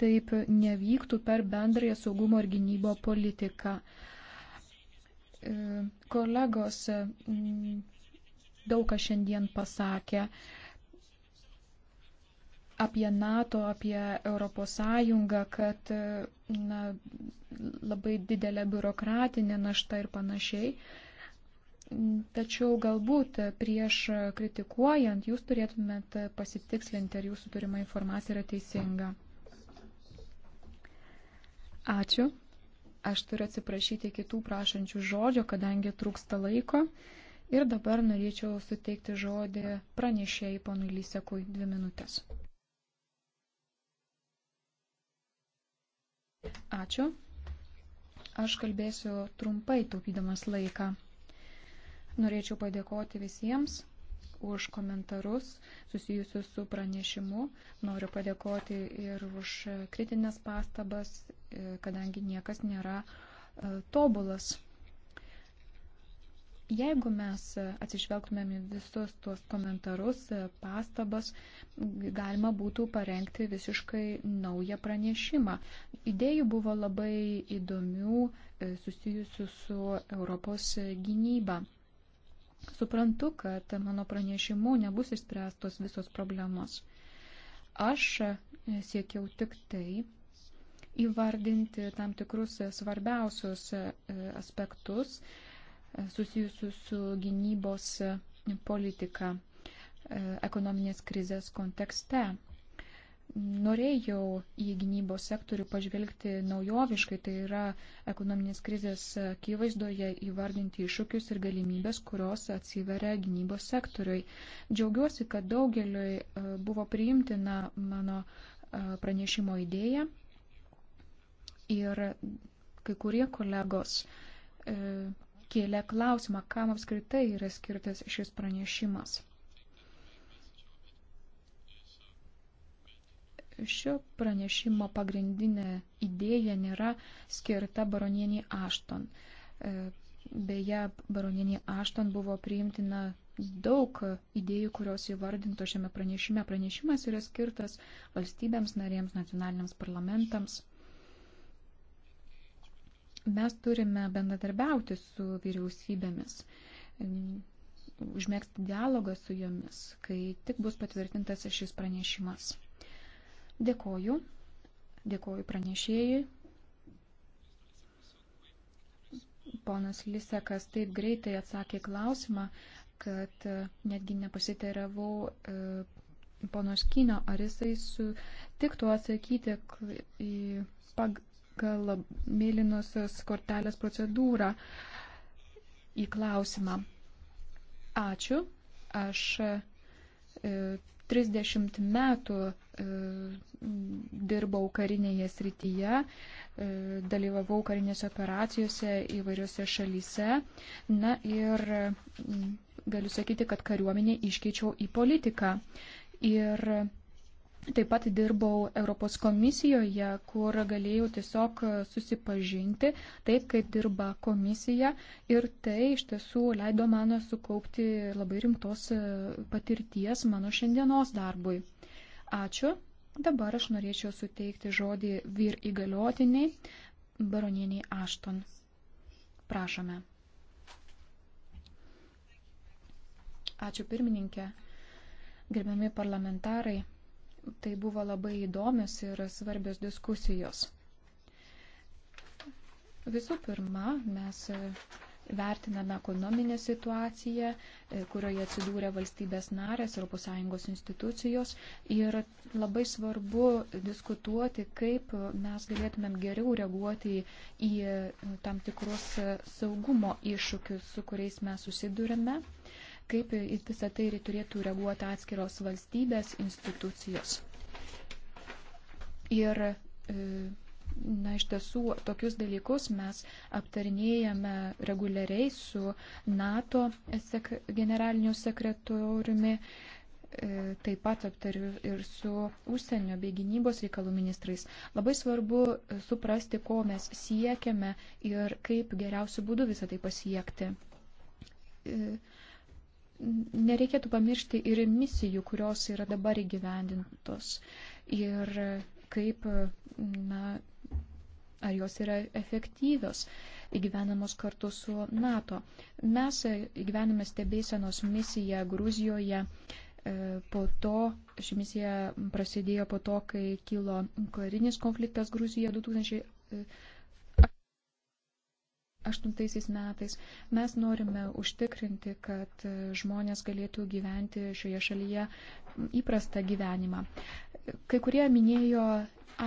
taip nevyktų per bendrąją saugumo ir gynybo politiką. E, kolegos daug ką šiandien pasakė apie NATO, apie ES, kad na, labai didelė biurokratinė našta ir panašiai. Tačiau galbūt prieš kritikuojant jūs turėtumėt pasitikslinti, ar jūsų turima informacija yra teisinga. Ačiū. Aš turiu atsiprašyti kitų prašančių žodžio, kadangi trūksta laiko. Ir dabar norėčiau suteikti žodį pranešėjai ponui Lysekui dvi minutės. Ačiū. Aš kalbėsiu trumpai, taupydamas laiką. Norėčiau padėkoti visiems už komentarus susijusius su pranešimu. Noriu padėkoti ir už kritinės pastabas, e, kadangi niekas nėra e, tobulas. Jeigu mes atsižvelgtumėm į visus tuos komentarus, pastabas, galima būtų parengti visiškai naują pranešimą. Idėjų buvo labai įdomių e, susijusių su Europos gynyba. Suprantu, kad mano pranešimu nebus išspręstos visos problemos. Aš e, siekiau tik tai įvardinti tam tikrus svarbiausius e, aspektus, susijusių su gynybos politika e, ekonominės krizės kontekste. Norėjau į gynybos sektorių pažvelgti naujoviškai, tai yra ekonominės krizės akivaizdoje įvardinti iššūkius ir galimybės, kurios atsiveria gynybos sektoriui. Džiaugiuosi, kad daugeliui e, buvo priimtina mano e, pranešimo idėja ir kai kurie kolegos kėlė klausimą, kam apskritai yra skirtas šis pranešimas. Šio pranešimo pagrindinė idėja nėra skirta baronieniai Ašton. E, beje, baronieniai Ašton buvo priimtina daug idėjų, kurios įvardinto šiame pranešime. Pranešimas yra skirtas valstybėms narėms, nacionaliniams parlamentams. Mes turime bendradarbiauti su vyriausybėmis, užmėgsti dialogą su jomis, kai tik bus patvirtintas šis pranešimas. Dėkoju. Dėkoju pranešėjai. Ponas Lisekas taip greitai atsakė klausimą, kad netgi nepasiteiravau e, pono Škinio, ar jisai sutiktų atsakyti į pag lab, mėlynosios kortelės procedūrą į klausimą. Ačiū. Aš 30 e, metų e, dirbau karinėje srityje, e, dalyvavau karinėse operacijose įvairiose šalyse. Na ir galiu sakyti, kad kariuomenė iškeičiau į politiką. Ir Taip pat dirbau Europos komisijoje, kur galėjau tiesiog susipažinti taip, kaip dirba komisija ir tai iš tiesų leido man sukaupti labai rimtos patirties mano šiandienos darbui. Ačiū. Dabar aš norėčiau suteikti žodį vyr įgaliotiniai baronieniai Ašton. Prašome. Ačiū pirmininkė. Gerbiami parlamentarai. Tai buvo labai įdomios ir svarbios diskusijos. Visų pirma, mes vertiname ekonominę situaciją, kurioje atsidūrė valstybės narės, ES institucijos ir labai svarbu diskutuoti, kaip mes galėtumėm geriau reaguoti į tam tikrus saugumo iššūkius, su kuriais mes susidurime kaip į visą tai turėtų reaguoti atskiros valstybės institucijos. Ir e, Na, iš tiesų, tokius dalykus mes aptarinėjame reguliariai su NATO sek generaliniu sekretoriumi, e, taip pat aptariu ir su užsienio bei gynybos reikalų ministrais. Labai svarbu e, suprasti, ko mes siekiame ir kaip geriausių būdų visą tai pasiekti. E, nereikėtų pamiršti ir misijų, kurios yra dabar įgyvendintos ir kaip, na, ar jos yra efektyvios įgyvenamos kartu su NATO. Mes įgyvename stebėsenos misiją Gruzijoje. E, po to ši misija prasidėjo po to, kai kilo karinis konfliktas Gruzijoje 2000. 2008 metais. Mes norime užtikrinti, kad žmonės galėtų gyventi šioje šalyje įprastą gyvenimą. Kai kurie minėjo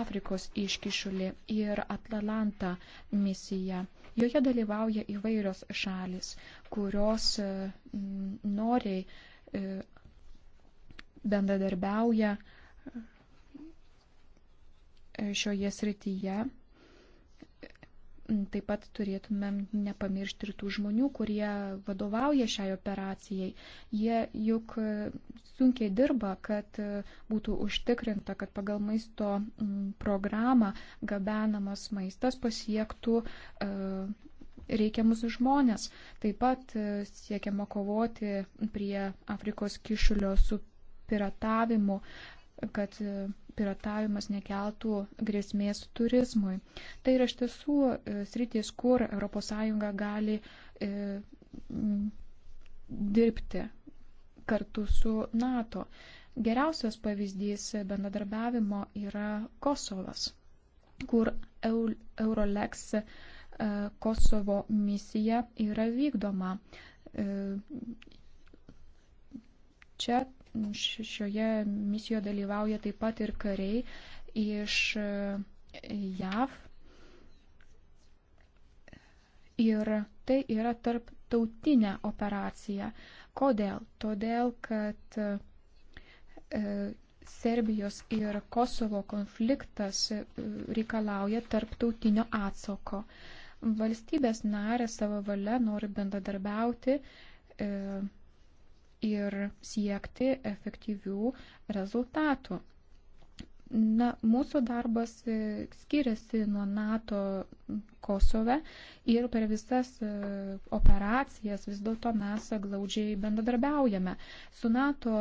Afrikos iškišulį ir Atlantą misiją. Joje dalyvauja įvairios šalis, kurios mm, noriai e, bendradarbiauja e, šioje srityje Taip pat turėtumėm nepamiršti ir tų žmonių, kurie vadovauja šiai operacijai. Jie juk e, sunkiai dirba, kad e, būtų užtikrinta, kad pagal maisto programą gabenamas maistas pasiektų e, reikiamus žmonės. Taip pat siekiama kovoti prie Afrikos kišulio su piratavimu, kad e, piratavimas nekeltų grėsmės turizmui. Tai yra iš tiesų e, sritis, kur ES gali e, dirbti kartu su NATO. Geriausias pavyzdys bendradarbiavimo yra Kosovas, kur Eurolex e, Kosovo misija yra vykdoma. Čia Šioje misijoje dalyvauja taip pat ir kariai iš JAV. Ir tai yra tarptautinė operacija. Kodėl? Todėl, kad e, Serbijos ir Kosovo konfliktas e, reikalauja tarptautinio atsako. Valstybės narė savo valia nori bendradarbiauti, e, ir siekti efektyvių rezultatų. Na, mūsų darbas e, skiriasi nuo NATO Kosove ir per visas e, operacijas vis dėlto mes glaudžiai bendradarbiaujame. Su NATO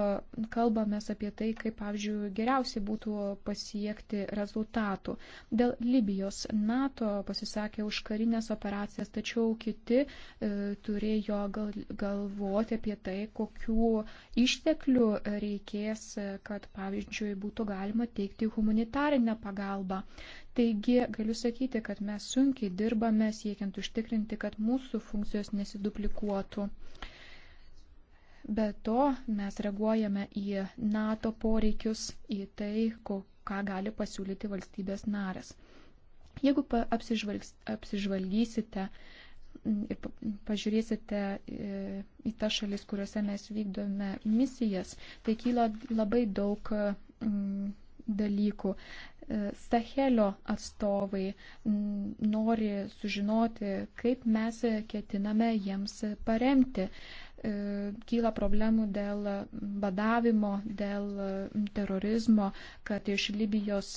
kalbame apie tai, kaip, pavyzdžiui, geriausiai būtų pasiekti rezultatų. Dėl Libijos NATO pasisakė už karinės operacijas, tačiau kiti e, turėjo gal, galvoti apie tai, kokių išteklių reikės, kad, pavyzdžiui, būtų galima teikti teikti humanitarinę pagalbą. Taigi galiu sakyti, kad mes sunkiai dirbame siekiant užtikrinti, kad mūsų funkcijos nesiduplikuotų. Be to mes reaguojame į NATO poreikius, į tai, ką gali pasiūlyti valstybės narės. Jeigu apsižvalgysite ir pažiūrėsite e, į tas šalis, kuriuose mes vykdome misijas, tai kyla labai daug dalykų. E, Sahelio atstovai nori sužinoti, kaip mes ketiname jiems paremti. E, Kyla problemų dėl badavimo, dėl terorizmo, kad iš Libijos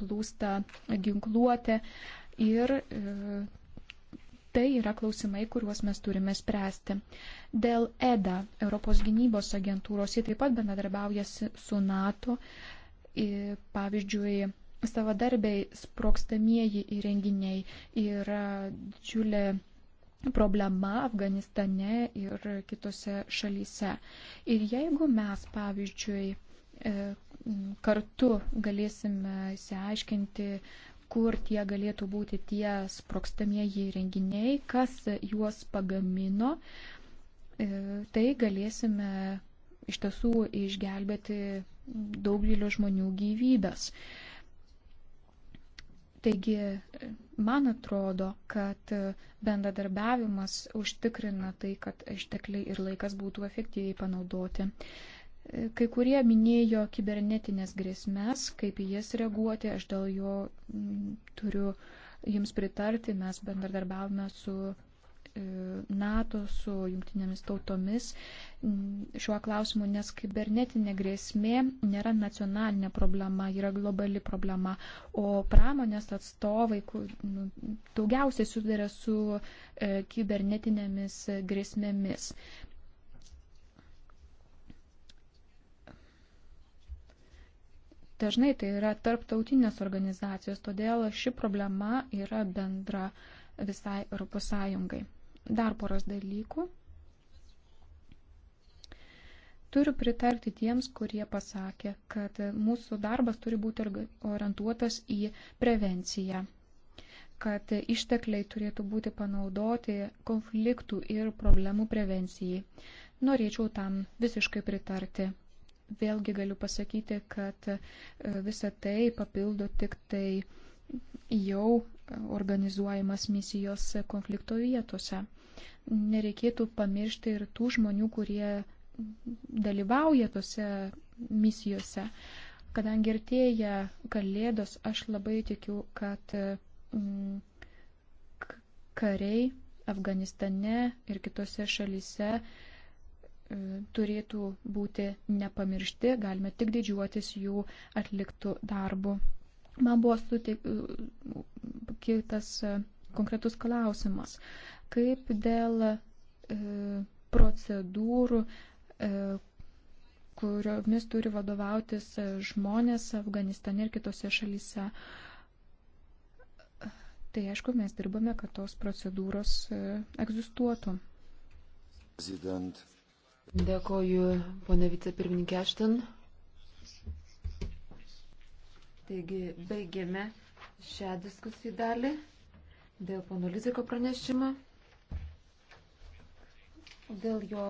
plūsta ginkluotė ir e, tai yra klausimai, kuriuos mes turime spręsti. Dėl EDA, Europos gynybos agentūros, jie taip pat bendradarbiauja su NATO, pavyzdžiui, savadarbiai sprokstamieji įrenginiai yra didžiulė problema Afganistane ir kitose šalyse. Ir jeigu mes, pavyzdžiui, e, kartu galėsime įsiaiškinti, kur tie galėtų būti tie sprokstamieji įrenginiai, kas juos pagamino, e, tai galėsime iš tiesų išgelbėti daugelio žmonių gyvybės. Taigi, man atrodo, kad bendradarbiavimas užtikrina tai, kad ištekliai ir laikas būtų efektyviai panaudoti. Kai kurie minėjo kibernetinės grėsmės, kaip į jas reaguoti, aš dėl jo mm, turiu jums pritarti, mes bendradarbiavome su E, NATO, su jungtinėmis tautomis mm, šiuo klausimu, nes kibernetinė grėsmė nėra nacionalinė problema, yra globali problema, o pramonės atstovai nu, daugiausiai sudarė su e, kibernetinėmis grėsmėmis. Dažnai tai yra tarptautinės organizacijos, todėl ši problema yra bendra visai Europos Sąjungai. Dar poras dalykų. Turiu pritarti tiems, kurie pasakė, kad mūsų darbas turi būti orientuotas į prevenciją kad ištekliai turėtų būti panaudoti konfliktų ir problemų prevencijai. Norėčiau tam visiškai pritarti. Vėlgi galiu pasakyti, kad e, visa tai papildo tik tai uh, jau organizuojamas misijos konflikto vietose. Nereikėtų pamiršti ir tų žmonių, kurie dalyvauja tose misijose. Kadangi artėja kalėdos, aš labai tikiu, kad mm, kariai Afganistane ir kitose šalyse e, turėtų būti nepamiršti, galime tik didžiuotis jų atliktų darbų. Man buvo suteiktas e, konkretus klausimas, kaip dėl e, procedūrų, e, kuriomis turi vadovautis e, žmonės Afganistane ir kitose šalyse. Tai aišku, mes dirbame, kad tos procedūros e, egzistuotų. President. Dėkoju, ponė vicepirmininkė Ašten. Taigi baigėme šią diskusijų dalį dėl pono Liziko pranešimo. Dėl jo